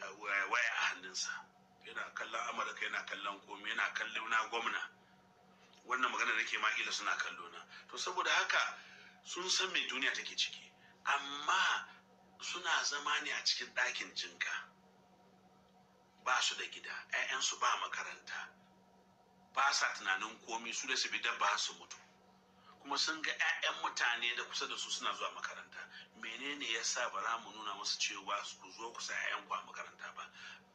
da waya a hannunsa yana kallon amurka yana kallon Komi, yana kallon na gwamna wannan magana nake ma kila suna kallo na to saboda haka sun san me duniya take ciki amma suna zama ne a cikin ɗakin jinka ba su da gida 'ya'yansu ba makaranta ba sa tunanin komi su da su bi dabba su mutu kuma sun ga 'ya'yan mutane da kusa da su suna zuwa makaranta menene ya sa ba za mu nuna masu cewa ku zo ku sa 'ya'yan ku a makaranta ba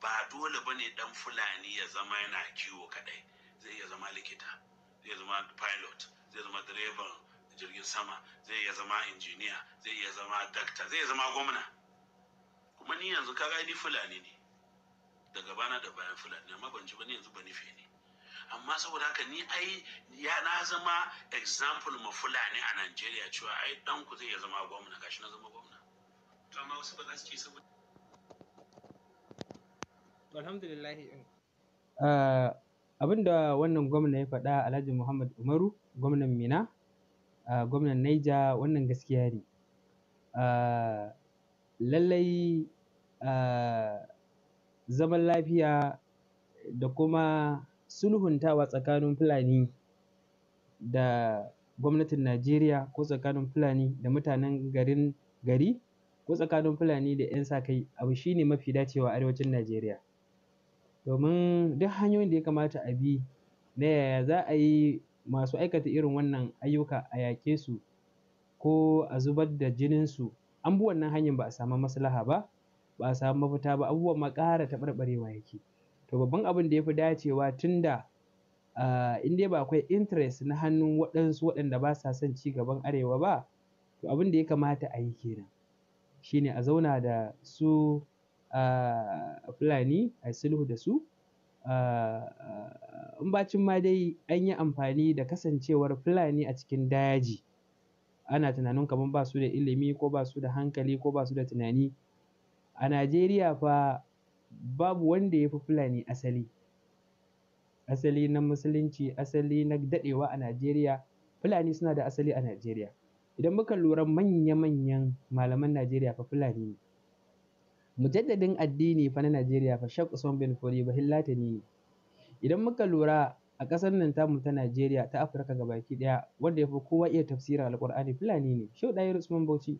ba dole ba ne dan fulani ya zama yana kiwo kadai zai iya zama likita zai zama pilot zai zama direban jirgin sama zai iya zama injiniya zai iya zama dakta zai iya zama gwamna kuma ni yanzu kaga ni fulani ne daga bana da bayan fulani amma ban ji ba ni yanzu ba nufe ne amma saboda haka ni ai ya na zama example ma fulani a Najeriya cewa ai dan ku zai iya zama gwamna gashi na zama gwamna amma wasu ba za su ce saboda Alhamdulillah. Ah, abin wannan gwamna ya faɗa Alhaji Muhammad Umaru, gwamnan Mina, ah, gwamnan Naija wannan gaskiya ne. Ah, lallai zaman lafiya da kuma sulhuntawa tsakanin Fulani da gwamnatin Najeriya ko tsakanin Fulani da mutanen garin gari ko tsakanin Fulani da 'yan sa-kai abu shi ne mafi dacewa a arewacin Najeriya. domin duk hanyoyin da ya kamata a bi na yaya za a yi masu aikata irin wannan ayyuka a yaƙe su ko a zubar da jininsu an bi wannan hanyar ba a samu maslaha ba ba a samu mafita ba abubuwan ma ƙara taɓarɓarewa yake to babban abin da ya fi dacewa tun da in dai ba akwai interest na hannun waɗansu waɗanda ba sa son ci gaban arewa ba to abin da ya kamata a yi kenan shine a zauna da su Ah, Fulani a sulhu da su. Ah, in bacin ma dai an yi amfani da kasancewar Fulani a cikin daji ana tunanin kamar ba su da ilimi ko ba su da hankali ko ba su da tunani. A Najeriya fa babu wanda ya fi Fulani asali. Asali na Musulunci, asali na daɗewa a Najeriya. Fulani suna da asali a Najeriya. Idan muka lura manya manyan malaman Najeriya fa Fulani ne. mujaddadin addini fa na Najeriya fa Sheikh Usman bin Fodi Bahillatani ne idan muka lura a ƙasar nan tamu ta Najeriya ta Afirka ga baki ɗaya wanda ya fi kowa iya tafsirar Alƙur'ani Fulani ne Shehu Ɗayir Usman Bauchi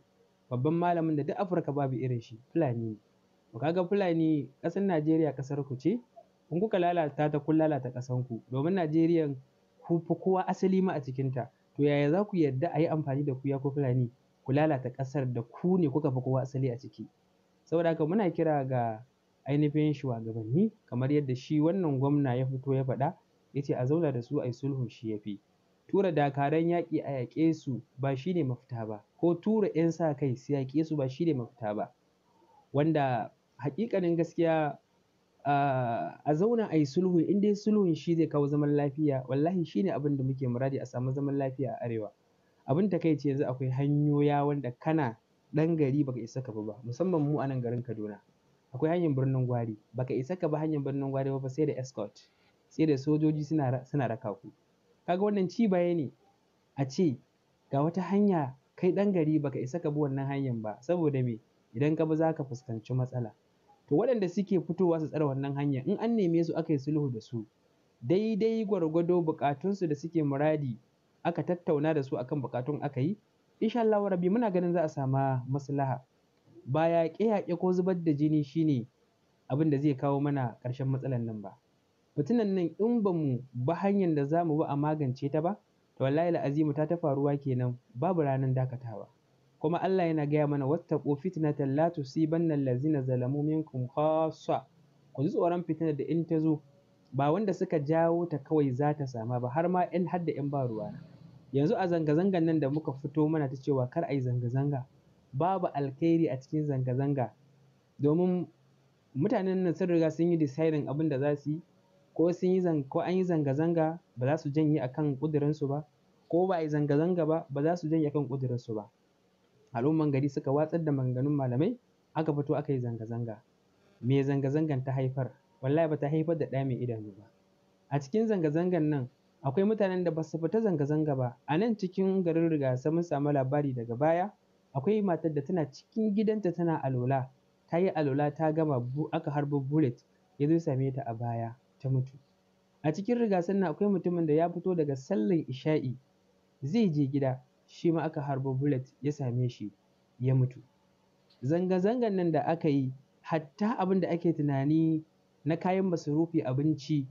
babban malamin da duk Afirka babu irin shi Fulani ne to kaga Fulani ƙasar Najeriya ƙasar ku ce Kun kuka lalata ta kun lalata ƙasar ku domin Najeriyan ku fi kowa asali ma a cikin ta to yaya za ku yarda a yi amfani da ku ya ku Fulani ku lalata ƙasar da ku ne kuka fi kowa asali a ciki saboda haka muna kira ga ainihin shugabanni. kamar yadda shi wannan gwamna ya fito ya faɗa ya ce a zauna da su a yi sulhu shi ya fi tura dakaran yaƙi a yaƙe su ba shi ne mafita ba ko tura 'yan sa kai su yaƙe su ba shi ne mafita ba wanda haƙiƙanin gaskiya a zauna a yi sulhu in dai sulhun shi zai kawo zaman lafiya wallahi shi ne abin da muke muradi a samu zaman lafiya a arewa abin takaici yanzu akwai hanyoya wanda kana ɗan gari baka isa ka ba musamman mu a nan garin Kaduna akwai hanyar birnin gwari baka isa ka bi hanyar birnin gwari ba sai da escort sai da sojoji suna suna raka ku kaga wannan ci baya ne a ce ga wata hanya kai ɗan gari baka isa ka bi wannan hanyar ba saboda me idan ka bi za ka fuskanci matsala to waɗanda suke fitowa su tsara wannan hanya in an neme su aka sulhu da su daidai gwargwado bukatunsu da suke muradi aka tattauna da su akan bukatun aka yi insha Allah rabi muna ganin za a samu maslaha ba yaƙe-yaƙe ko zubar da jini shine abin da zai kawo mana ƙarshen matsalan nan ba fitinan nan in ba mu ba hanyar da za mu bi a magance ta ba to wallahi la'azimu ta ta faruwa kenan babu ranar dakatawa kuma Allah yana gaya mana ko fitnatan la tusibanna allazina zalamu minkum khassa ku ji tsoron fitnar da in ta zo ba wanda suka jawo ta kawai za ta sama ba har ma in hadda in ba ruwana yanzu a zanga-zangan nan da muka fito mana ta cewa kar a yi zanga-zanga babu alkhairi a cikin zanga-zanga domin mutanen nan sun riga sun yi deciding abin da za su yi ko sun yi ko an yi zanga-zanga ba za su janye akan ƙudurinsu ba ko ba a yi zanga-zanga ba ba za su janye kan ƙudurinsu ba al'umman gari suka watsar da maganganun malamai aka fito aka yi zanga-zanga me zanga-zangan ta haifar wallahi ba ta haifar da ɗa mai idanu ba a cikin zanga-zangan nan akwai mutanen da ba su fita zanga-zanga ba a nan cikin garin rigasa mun samu labari daga baya akwai matar da tana cikin gidanta tana alola ta yi alola ta gama aka harbo bullet ya zo same ta a baya ta mutu a cikin rigasar nan akwai mutumin da ya fito daga sallan isha'i zai je gida shi ma aka harbo bullet ya same shi ya mutu zanga-zangan nan da aka yi hatta abin da ake tunani na kayan masarufi abinci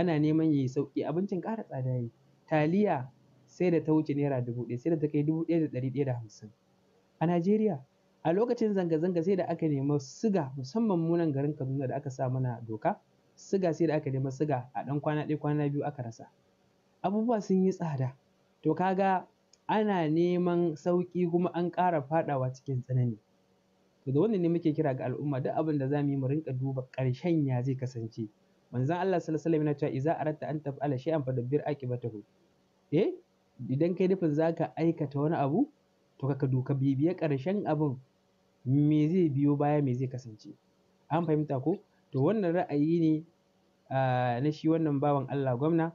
ana neman ya yi sauƙi abincin ƙara tsada yi taliya sai da ta wuce naira dubu ɗaya sai da ta kai dubu ɗaya da ɗari ɗaya da hamsin a Najeriya a lokacin zanga-zanga sai da aka nemi siga musamman mu nan garin Kaduna da aka sa mana doka siga sai da aka nemi siga a ɗan kwana ɗaya kwana biyu aka rasa abubuwa sun yi tsada to ka ga ana neman sauƙi kuma an ƙara faɗawa cikin tsanani to da wannan ne muke kira ga al'umma duk abin da za mu yi mu rinƙa duba ƙarshen ya zai kasance manzon Allah sallallahu alaihi wasallam yana cewa idza aratta an taf'ala shay'an fadabbir aqibatahu eh idan kai nufin zaka aikata wani abu to ka duka bibiya karshen abun me zai biyo baya me zai kasance an fahimta ko to wannan ra'ayi ne na shi wannan bawan Allah gwamna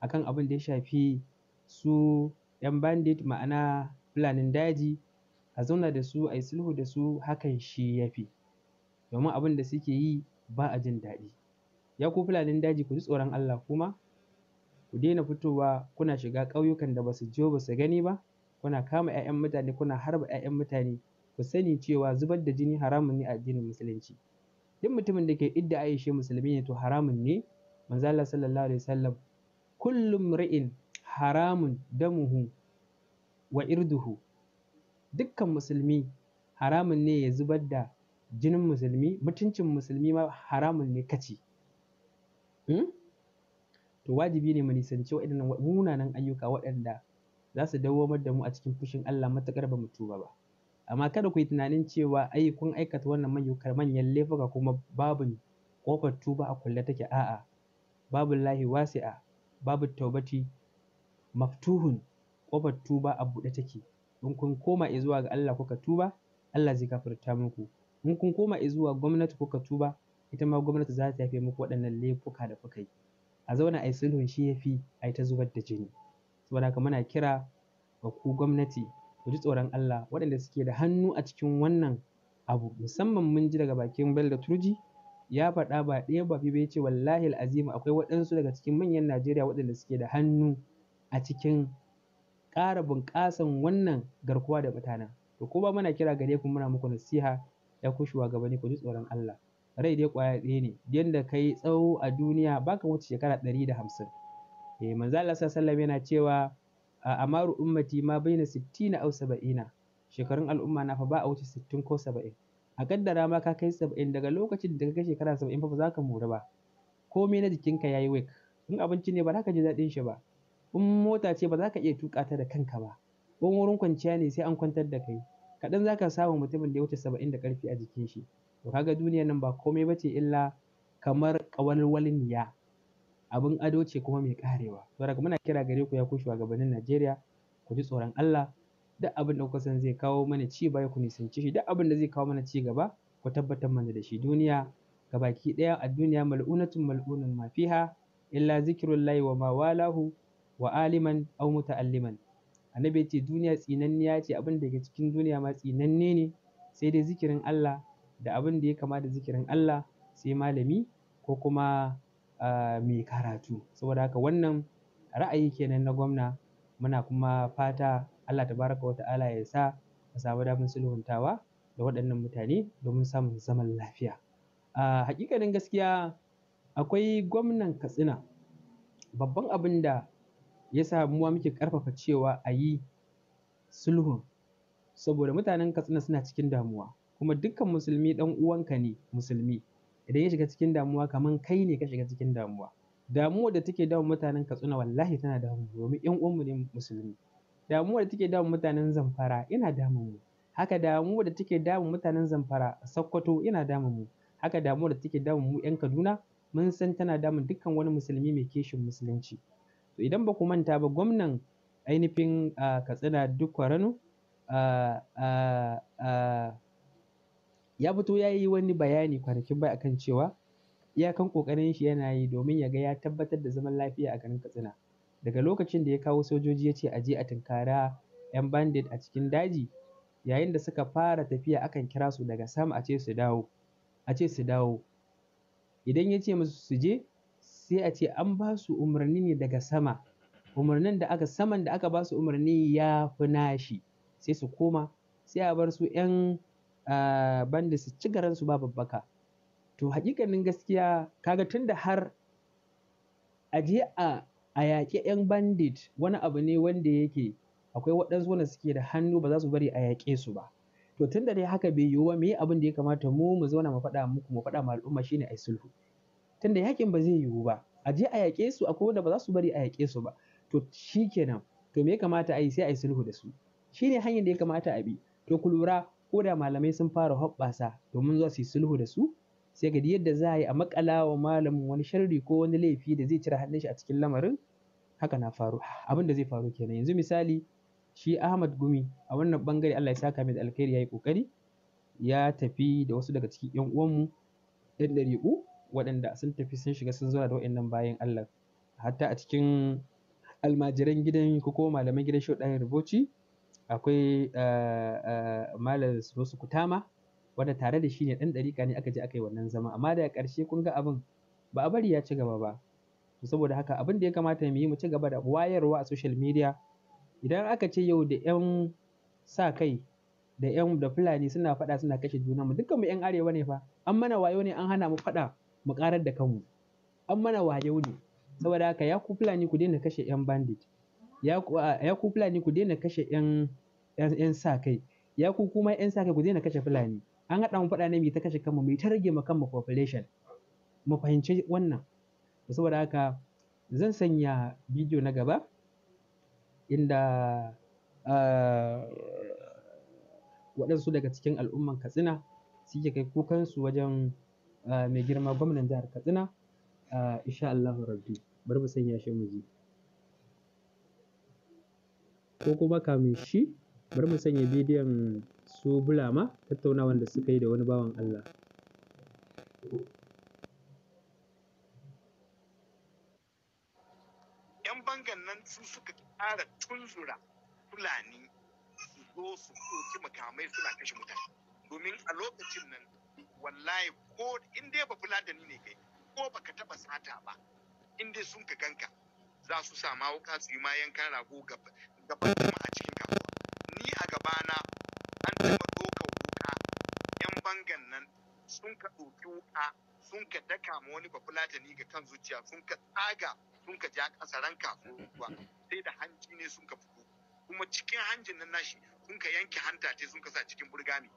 akan abin da ya shafi su 'yan bandit ma'ana fulanin daji a zauna da su a yi sulhu da su hakan shi ya fi domin abin da suke yi ba a jin daɗi Ya ku fulanin daji ku ji tsoron Allah kuma ku daina fitowa kuna shiga ƙauyukan da ba su jiyo ba su gani ba kuna kama 'ya'yan mutane kuna harba 'ya'yan mutane ku sani cewa zubar da jini haramun ne a addinin musulunci duk mutumin da ke idda aishe musulmi ne to haramun ne manzo Allah sallallahu alaihi wasallam kullum ri'in haramun damuhu wa irduhu dukkan musulmi haramun ne ya zubar da jinin musulmi mutuncin musulmi ma haramun ne kaci Hmm? To wajibi ne mu nisanci waɗannan munanan ayyuka waɗanda za su dawwamar da mu a cikin fushin Allah matuƙar ba mu tuba ba. Amma kada ku yi tunanin cewa ai kun aikata wannan manyan laifuka kuma babu ƙofar tuba a kulle take a'a. babu lahi wasi'a, babu taubati maftuhun, ƙofar tuba a buɗe take. In kun koma zuwa ga Allah kuka tuba, Allah zai gafarta muku. In kun koma zuwa gwamnati kuka tuba, ita ma gwamnati za ta yafe muku waɗannan laifuka da kuka yi a zauna a yi sulhun shi ya fi a ta zubar da jini saboda haka muna kira ga ku gwamnati ku ji tsoron Allah waɗanda suke da hannu a cikin wannan abu musamman mun ji daga bakin Bello Turji ya faɗa ba ɗaya ba biyu ya ce wallahi azim akwai waɗansu daga cikin manyan Najeriya waɗanda suke da hannu a cikin ƙara bunƙasan wannan garkuwa da mutanen to ko muna kira gare ku muna muku nasiha ya ku shugabanni ku ji tsoron Allah rai dai ƙwaya ɗaya ne yanda ka yi tsawo a duniya ba ka wuce shekara ɗari da hamsin eh manzo Allah sallallahu alaihi yana cewa a amaru ummati ma baina sittina aw saba'ina shekarun al'umma na fa ba a wuce sittin ko saba'in a kaddara ma ka kai saba'in daga lokacin da ka kai shekara saba'in fa ba za ka mura ba komai na jikinka ya yi wake in abinci ne ba za ka ji daɗin shi ba in mota ce ba za ka iya tuƙa ta da kanka ba in wurin kwanciya ne sai an kwantar da kai kaɗan za ka samu mutumin da ya wuce saba'in da ƙarfi a jikin shi To kaga duniyar nan ba komai ba ce illa kamar ƙawalwalniya, abin ado ce kuma mai ƙarewa. to daga muna kira gare ku ya ku shugabannin Najeriya, ku ji tsoron Allah, duk abin da kuka san zai kawo mana ci baya ku nisanci shi, duk abin da zai kawo mana ci gaba ku tabbatar mana da shi. Duniya gabaki ɗaya a duniya mal'unatun mal'unun ma fiha illa zikrullahi wa mawalahu, wa aliman aw muta'alliman. Annabi ya ce duniya tsinanniya ce, abin da ke cikin duniya ma tsinanne ne sai dai zikirin Allah da abin da ya kama da zikirin Allah sai malami ko kuma ah, mai karatu. Saboda haka wannan ra'ayi kenan na gwamna muna kuma fata Allah ta baraka wa ta'ala ya sa mu samu damar sulhuntawa da waɗannan mutane domin samun zaman lafiya. A haƙiƙanin gaskiya akwai gwamnan Katsina babban abin da ya sa muwa muke ƙarfafa cewa a yi sulhun saboda mutanen Katsina suna cikin damuwa. kuma dukkan musulmi ɗan uwanka ne musulmi idan ya shiga cikin damuwa kaman kai ne ka shiga cikin damuwa damuwar da take damun mutanen Katsina wallahi tana damun mu domin ƴan uwanmu ne musulmi damuwar da take damun mutanen Zamfara yana damun mu haka damuwar da take damun mutanen Zamfara Sokoto yana damun mu haka damuwar da take damun mu ƴan Kaduna mun san tana damun dukkan wani musulmi mai kishin musulunci to idan ba ku manta ba gwamnan ainihin ah, Katsina duk Dikko Rano ah, ah, ya fito ya yi wani bayani kwanakin baya akan cewa iyakan ƙoƙarin shi yana yi domin ya ga ya tabbatar da zaman lafiya a garin Katsina. Daga lokacin da ya kawo sojoji ya ce a je a tunkara 'yan bandit a cikin daji yayin da suka fara tafiya akan kira su daga sama a ce su dawo a ce su dawo idan ya ce musu su je sai a ce an ba su umarni ne daga sama umarnin da aka saman da aka ba su umarni ya fi nashi sai su koma sai a bar su 'yan banda su ci garansu ba babbaka to hakikanin gaskiya kaga tunda har a je a a yaƙi 'yan bandit wani abu ne wanda yake akwai waɗansu wanda suke da hannu ba za su bari a yaƙe su ba to tun da dai haka bai yiwu ba me abin da ya kamata mu mu zauna mu faɗa muku mu faɗa ma al'umma shine ai sulhu tun da yaƙin ba zai yiwu ba a je a yaƙe su akwai wanda ba za su bari a yaƙe su ba to shikenan to me ya kamata a yi sai ai sulhu da su shine hanyar da ya kamata a bi to ku lura Koda da malamai sun fara hoɓɓasa domin za su yi sulhu da su sai ga yadda za a yi a makala wa malamin wani sharri ko wani laifi da zai cire hannun shi a cikin lamarin haka na faru abin da zai faru kenan yanzu misali shi Ahmad Gumi a wannan bangare Allah ya saka mai da alkhairi yayi kokari ya tafi da wasu daga cikin ƴan uwanmu ɗan ɗari'u waɗanda sun tafi sun shiga sun zauna da waɗannan bayan Allah hatta a cikin almajiran gidan ko malaman gidan da Ɗahir akwai eh, eh, malam Sunusu Kutama wanda tare da shi ne ɗan ɗariƙa ne aka je aka yi wannan zama amma daga ƙarshe kun ga abin ba a bari ya ci gaba ba saboda haka abin da ya kamata mu yi mu ci gaba da wayarwa a social media idan aka ce yau da 'yan sa kai da 'yan da fulani suna faɗa suna kashe juna mu dukkan mu 'yan arewa ne fa an mana wayo ne an hana mu faɗa mu ƙarar da kanmu an mana wayo ne saboda haka ya ku fulani ku daina kashe 'yan bandit Ya ku, ku Fulani ku daina kashe 'yan sa kai. Ya ku kuma 'yan sa kai ku daina kashe Fulani. An haɗa mu faɗa mai ta kashe kanmu mu ta rage ma kanmu population. Mu fahimci wannan. Saboda haka zan sanya bidiyo na gaba inda waɗansu daga cikin al'umman Katsina suke kai kukansu wajen mai girma gwamnan jihar Katsina. insha Allah rabbi bari mu sanya shi mu ji. ko kuma kamin shi bari mu sanya bidiyon su Bulama tattaunawar da suka yi da wani bawan Allah. ‘Yan bangan nan su suka ƙara tunzura Fulani su zo su ɗauki makamai suna kashe mutane. Domin a lokacin nan wallahi ko in dai ba ni ne kai ko baka taɓa sata ba in dai sun ka ganka za su sama wuka su yi ma yankan rago gaban kuma a cikin kasuwa ni a gabana an taɓa ɗauka wuka yan bangan nan sun ka ɗauki wuka sun ka daka ma wani bafulatani ga kan zuciya sun ka tsaga sun ka ja ƙasa ran kafin ruwa sai da hanji ne sun ka fito kuma cikin hanjin nan nashi sun ka yanke hanta ce sun ka sa cikin burgami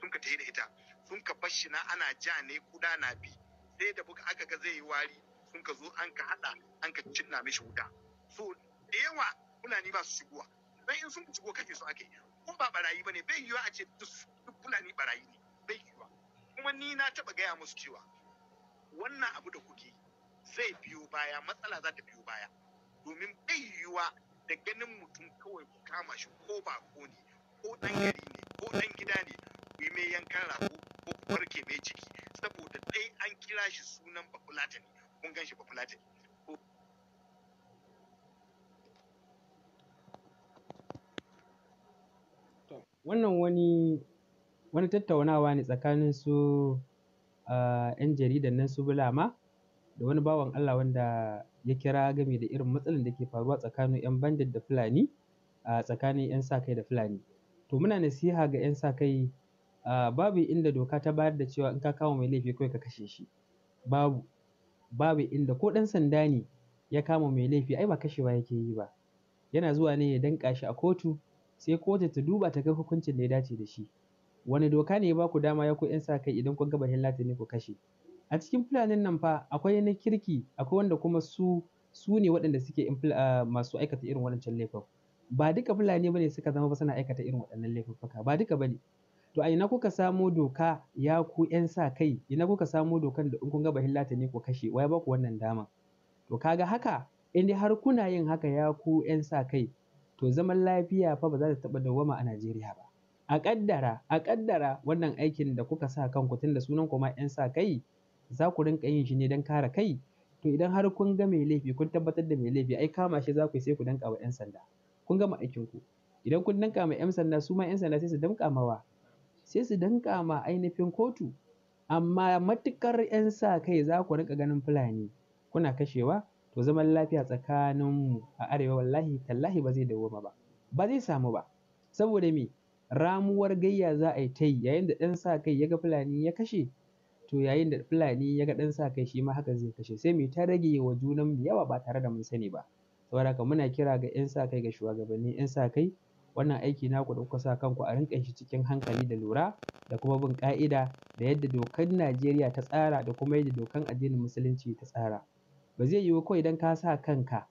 sun ka tafi da ita sun ka bashi na ana ja ne kuda na bi sai da buka aka ga zai yi wari sun ka zo an ka haɗa, an ka cinna mishi wuta so da yawa fulani ba su shigowa bai in sun shigo kake su ake ko ba barayi bane bai yiwa a ce duk fulani barayi ne bai yiwa kuma ni na taba gaya musu cewa wannan abu da kuke zai biyo baya matsala za ta biyo baya domin bai yiwa da ganin mutum kawai ku kama shi ko ba ko ne ko dan gari ne ko dan gida ne ku yi mai yankan rago ko ku barke mai ciki saboda dai an kira shi sunan bafulatani kun gan shi bafulatani Wannan wani wani tattaunawa ne tsakanin su ah, 'yan jaridan nan su Bulama da wani bawan Allah wanda ya kira gami da irin matsalan da ke faruwa tsakanin 'yan bandit da Fulani a tsakanin 'yan sa-kai da Fulani. To muna nasiha ga 'yan sa-kai ah, babu inda doka ta bayar da cewa in ka kama mai laifi kawai ka kashe shi, babu. Babu inda ko ɗan sanda ne ya kama mai laifi ai ba kashewa yake yi ba, yana zuwa ne ya danƙa shi a kotu sai kotu ta duba ta ga hukuncin da ya dace da shi wani doka ne ya ba ku dama ya ku 'yan sa kai idan kun ga bahin ne ku kashe a cikin fulanin nan fa akwai na kirki akwai wanda kuma su su ne waɗanda suke masu aikata irin waɗancan laifin ba duka fulani ba ne suka zama ba suna aikata irin waɗannan laifuffuka ba duka ba ne. to a ina kuka samo doka ya ku 'yan sa kai ina kuka samo dokan da in kun ga bahin ne ku kashe wai ba ku wannan dama to kaga haka in har kuna yin haka ya ku 'yan sa kai to zaman lafiya fa ba za ta taɓa dawwama a Najeriya ba. A ƙaddara, a ƙaddara wannan aikin da kuka sa kanku tunda sunan ku ma 'yan sa kai za ku rinƙa yin shi ne don kare kai to idan har kun ga mai laifi kun tabbatar da mai laifi ai kama shi za ku sai ku danƙa wa 'yan sanda kun gama aikin idan kun danƙa ma 'yan sanda su ma 'yan sanda sai su danƙa mawa sai su danƙa ma ainihin kotu amma matuƙar 'yan sa kai za ku rinka ganin fulani kuna kashewa To zaman lafiya tsakaninmu a Arewa wallahi tallahi ba zai dawo ba. Ba zai samu ba. Saboda me? Ramuwar gayya za a yi ta yi yayin da ɗan sa kai ya ga Fulani ya kashe, to yayin da Fulani ya ga ɗan sa kai shi ma haka zai kashe. Sai me ta rage wa junan mu yawa ba tare da mun sani ba. Saboda haka muna kira ga 'yan sa kai ga shugabanni 'yan sa kai wannan aiki naku da kuka sa kanku a rinƙa shi cikin hankali da lura da kuma bin ƙa'ida da yadda dokar Najeriya ta tsara da kuma yadda dokan addinin Musulunci ta tsara. Ba zai yiwu kawai idan ka sa kanka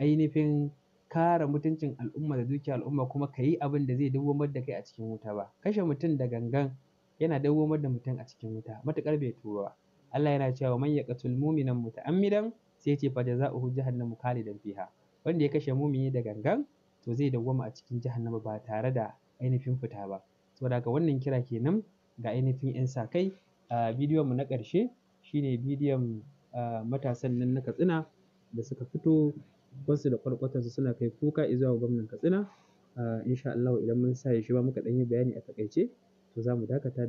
ainihin kare mutuncin al'umma da dukiyar al'umma kuma ka yi abin da zai dawwammar da kai a cikin wuta ba. Kashe mutum da gangan yana dawwammar da mutum a cikin wuta matuƙar bai tuba ba. Allah yana cewa "wa man yaqtul mu'minan muta'ammidan" sai ya ce "fa jaza'uhu jahannamu khalidan fiha". Wanda ya kashe mumini da gangan to zai dawwama a cikin jahannama ba tare da ainihin fita ba. Saboda daga wannan kira kenan ga ainihin 'yan sa kai. Bidiyon mu na ƙarshe shine bidiyon matasan nan na Katsina da suka fito basu da su suna kai kuka izuwa gwamnan Katsina. Insha Allah idan mun sa ya shi ma muka dan yi bayani a taƙaice to za mu dakata.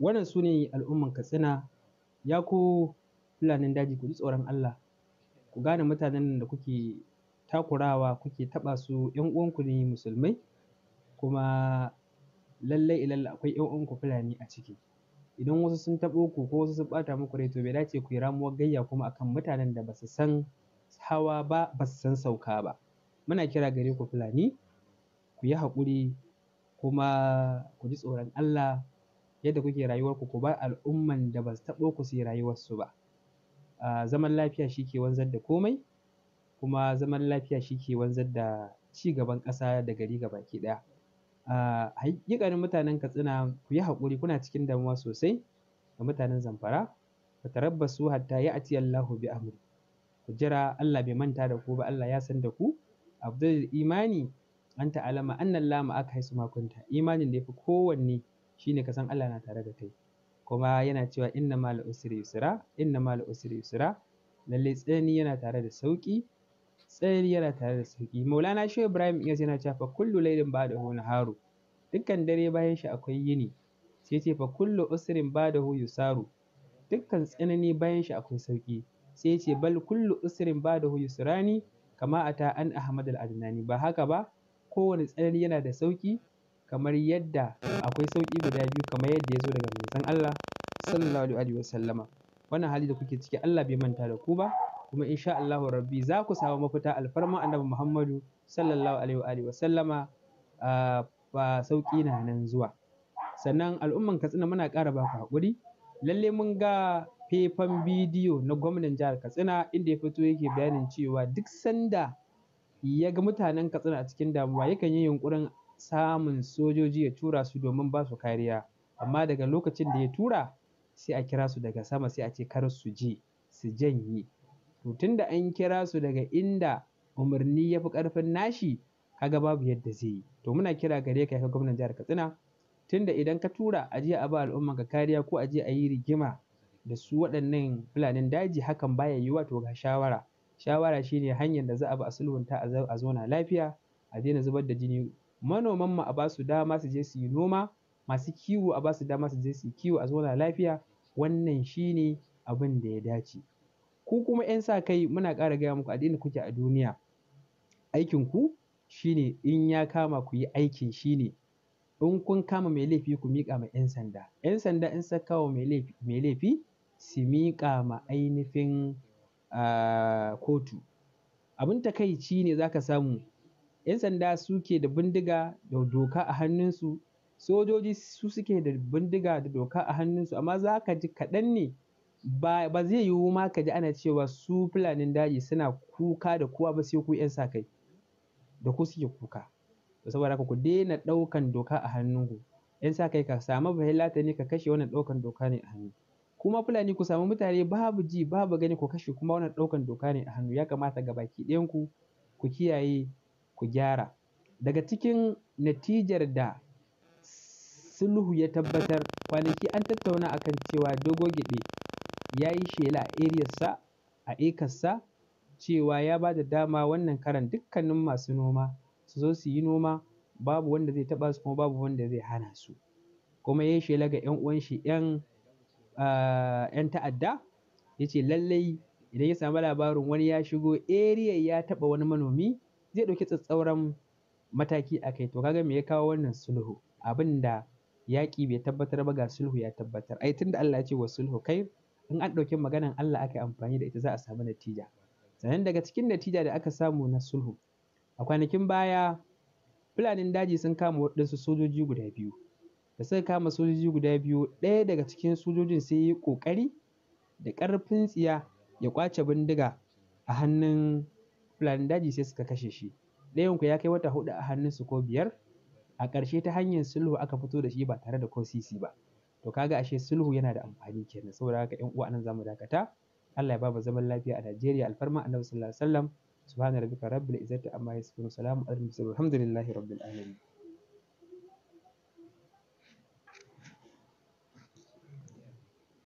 Wannan su ne al'umman Katsina. Ya ku fulanin daji ku ji tsoron Allah, ku gane mutanen da kuke takurawa kuke taɓa su ‘yan uwanku ne musulmai kuma lallai ilalla akwai ‘yan uwanku Fulani a ciki. Idan wasu sun tabo ku ko wasu sun ɓata muku rai to bai dace ku yi ramuwar gayya kuma akan mutanen da ba su san hawa ba ba su san sauka ba. Muna kira gare ku Fulani, ku yi haƙuri kuma ku ji tsoron Allah. yadda kuke rayuwarku ku bar al'umman da ba su taɓo ku su yi rayuwarsu ba zaman lafiya shi ke wanzar da komai kuma zaman lafiya shi ke wanzar da ci gaban ƙasa da gari baki ɗaya haƙiƙanin mutanen katsina ku yi haƙuri kuna cikin damuwa sosai ga mutanen zamfara ku tarabbasu hatta ya ati Allahu bi amri ku jira Allah bai manta da ku ba Allah ya san da ku abdul imani an ta'alama, annan lama aka haisu makunta imanin da ya fi kowanne shine ka san Allah na tare da kai kuma yana cewa inna mal usri yusra inna mal usri yusra lalle tsani yana tare da sauki tsani yana tare da sauki maulana shi ibrahim iyas yana cewa fa kullu laylin hu naharu dukkan dare bayan shi akwai yini sai ce fa kullu usrin hu yusaru dukkan tsanani bayan shi akwai sauki sai ce bal kullu usrin hu yusrani kama ata an ahmad al adnani ba haka ba kowane tsanani yana da sauki kamar yadda akwai sauƙi guda biyu kamar yadda ya zo daga manzon Allah sallallahu alaihi wasallama wannan hali da kuke ciki Allah bai manta da ku ba kuma insha Allah rabbi za ku samu mafita alfarma annabi Muhammadu sallallahu alaihi wasallama ba sauƙi na nan zuwa sannan al'umman Katsina muna ƙara ba ku haƙuri lalle mun ga faifan bidiyo na gwamnan jihar Katsina inda ya fito yake bayanin cewa duk sanda ya ga mutanen Katsina a cikin damuwa yakan yi yunƙurin samun sojoji ya tura su domin ba su kariya amma daga lokacin da ya tura sai a kira su daga sama sai a ce kar su je su janye to tun da an kira su daga inda umarni ya fi ƙarfin nashi kaga babu yadda zai yi to muna kira gare ka kai gwamnan jihar Katsina tunda idan ka tura a je a ba al'umman ka kariya ko a je a yi rigima da su waɗannan fulanin daji hakan baya wa to ga shawara shawara shine hanyar da za a bi a sulhunta a zauna lafiya a daina zubar da jini manoman mu a basu dama su je su yi noma masu kiwo a basu su dama su je su yi kiwo a zauna lafiya wannan shi ne abin da ya dace ku kuma 'yan sa kai muna ƙara gaya muku a inda kuke a duniya aikin ku shi ne in ya kama ku yi aikin shi ne in kun kama mai laifi ku miƙa ma 'yan sanda 'yan sanda in suka kama mai laifi su miƙa ma ainihin ah, kotu abin takaici ne za ka samu 'Yan sanda suke da bindiga da doka a hannunsu. Sojoji su suke da bindiga da doka a hannunsu amma za ka ji kaɗan ne ba, zai yiwu ma ka ji ana cewa su fulanin daji suna kuka da kowa ba sai ku 'yan sa kai da ku suke kuka. Saboda haka ku daina ɗaukan doka a hannunku. 'Yan sa kai ka samu ne ka kashe wannan ɗaukan doka ne a hannu. Kuma Fulani ku samu mutane babu ji babu gani ku kashe kuma wannan ɗaukan doka ne a hannu. Ya kamata gabaki ɗayan ku ku kiyaye ku gyara daga cikin natijar da sulhu ya tabbatar kwanaki an tattauna kan cewa dogo gyaɗe ya yi shela a eriyarsa a ekarsa cewa ya ba da dama wannan karan dukkanin masu noma su zo su yi noma babu wanda zai taɓa su kuma babu wanda zai hana su kuma ya shela ga 'yan uwan shi 'yan ah, ta'adda ya ce lallai idan ya samu labarin wani ya shigo eriyar ya taɓa wani manomi zai ɗauki tsatstsauran mataki a kai to kaga me ya kawo wannan sulhu abin da yaƙi bai tabbatar ba ga sulhu ya tabbatar ai tunda Allah ya ce wa sulhu kai in an ɗauki maganan Allah aka amfani da ita za a samu natija sannan daga cikin natija da aka samu na sulhu a kwanakin baya fulanin daji sun kama waɗansu sojoji guda biyu da suka kama sojoji guda biyu ɗaya daga cikin sojojin sai ya yi ƙoƙari da ƙarfin tsiya ya ƙwace bindiga a hannun Fulanin daji sai suka kashe shi. Ɗayan ya kai wata hudu a hannunsu ko biyar, a ƙarshe ta hanyar sulhu aka fito da shi ba tare da ko sisi ba. To kaga ashe sulhu yana da amfani kenan saboda haka ƴan uwa anan zamu dakata. Allah ya bamu zaman lafiya a Najeriya alfarma Annabi sallallahu alaihi wasallam subhana rabbil izzati amma yasifun salamun alhamdulillahi rabbil alamin.